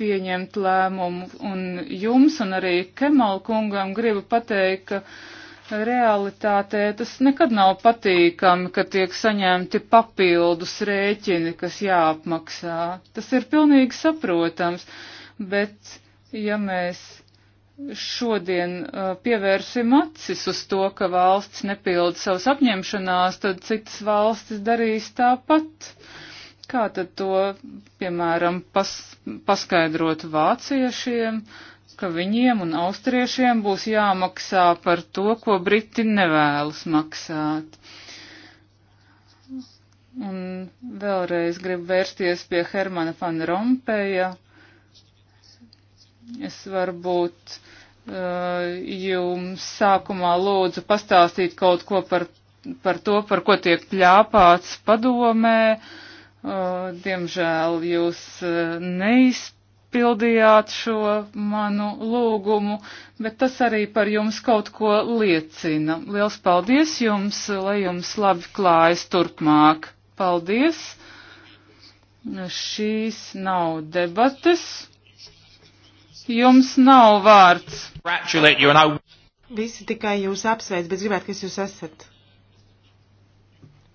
pieņemt lēmumu. Un jums un arī Kemal kungam gribu pateikt, ka realitātē tas nekad nav patīkami, ka tiek saņemti papildus rēķini, kas jāapmaksā. Tas ir pilnīgi saprotams, bet ja mēs šodien uh, pievērsim acis uz to, ka valsts nepilda savus apņemšanās, tad citas valstis darīs tāpat. Uh, Kā tad to, piemēram, pas, paskaidrot vāciešiem, ka viņiem un austriešiem būs jāmaksā par to, ko Briti nevēlas maksāt? Un vēlreiz gribu vērsties pie Hermana Fana Rompeja. Es varbūt uh, jums sākumā lūdzu pastāstīt kaut ko par, par to, par ko tiek pļāpāts padomē. Uh, Uh, diemžēl jūs uh, neizpildījāt šo manu lūgumu, bet tas arī par jums kaut ko liecina. Liels paldies jums, lai jums labi klājas turpmāk. Paldies! Šīs nav debates. Jums nav vārds. Visi tikai jūs apsveic, bet gribētu, kas jūs esat.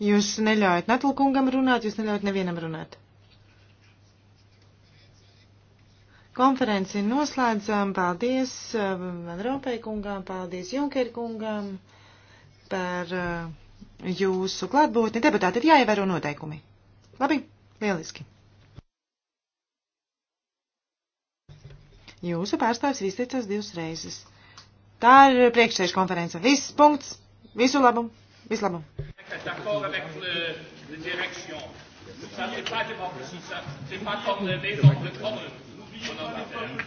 Jūs neļaujat Natlkungam runāt, jūs neļaujat nevienam runāt. Konferenci noslēdzām. Paldies eh, Van Rompēj kungām, paldies Junker kungām par eh, jūsu klātbūtni. Deputāti ir jāievēro noteikumi. Labi, lieliski. Jūsu pārstāvis ir izteicās divas reizes. Tā ir priekšsēžu konference. Viss punkts. Visu labu. Visu labu être d'accord avec le, les directions. Ça, c'est pas démocratie, ça. C'est pas comme les maisons de communes. N'oublions pas les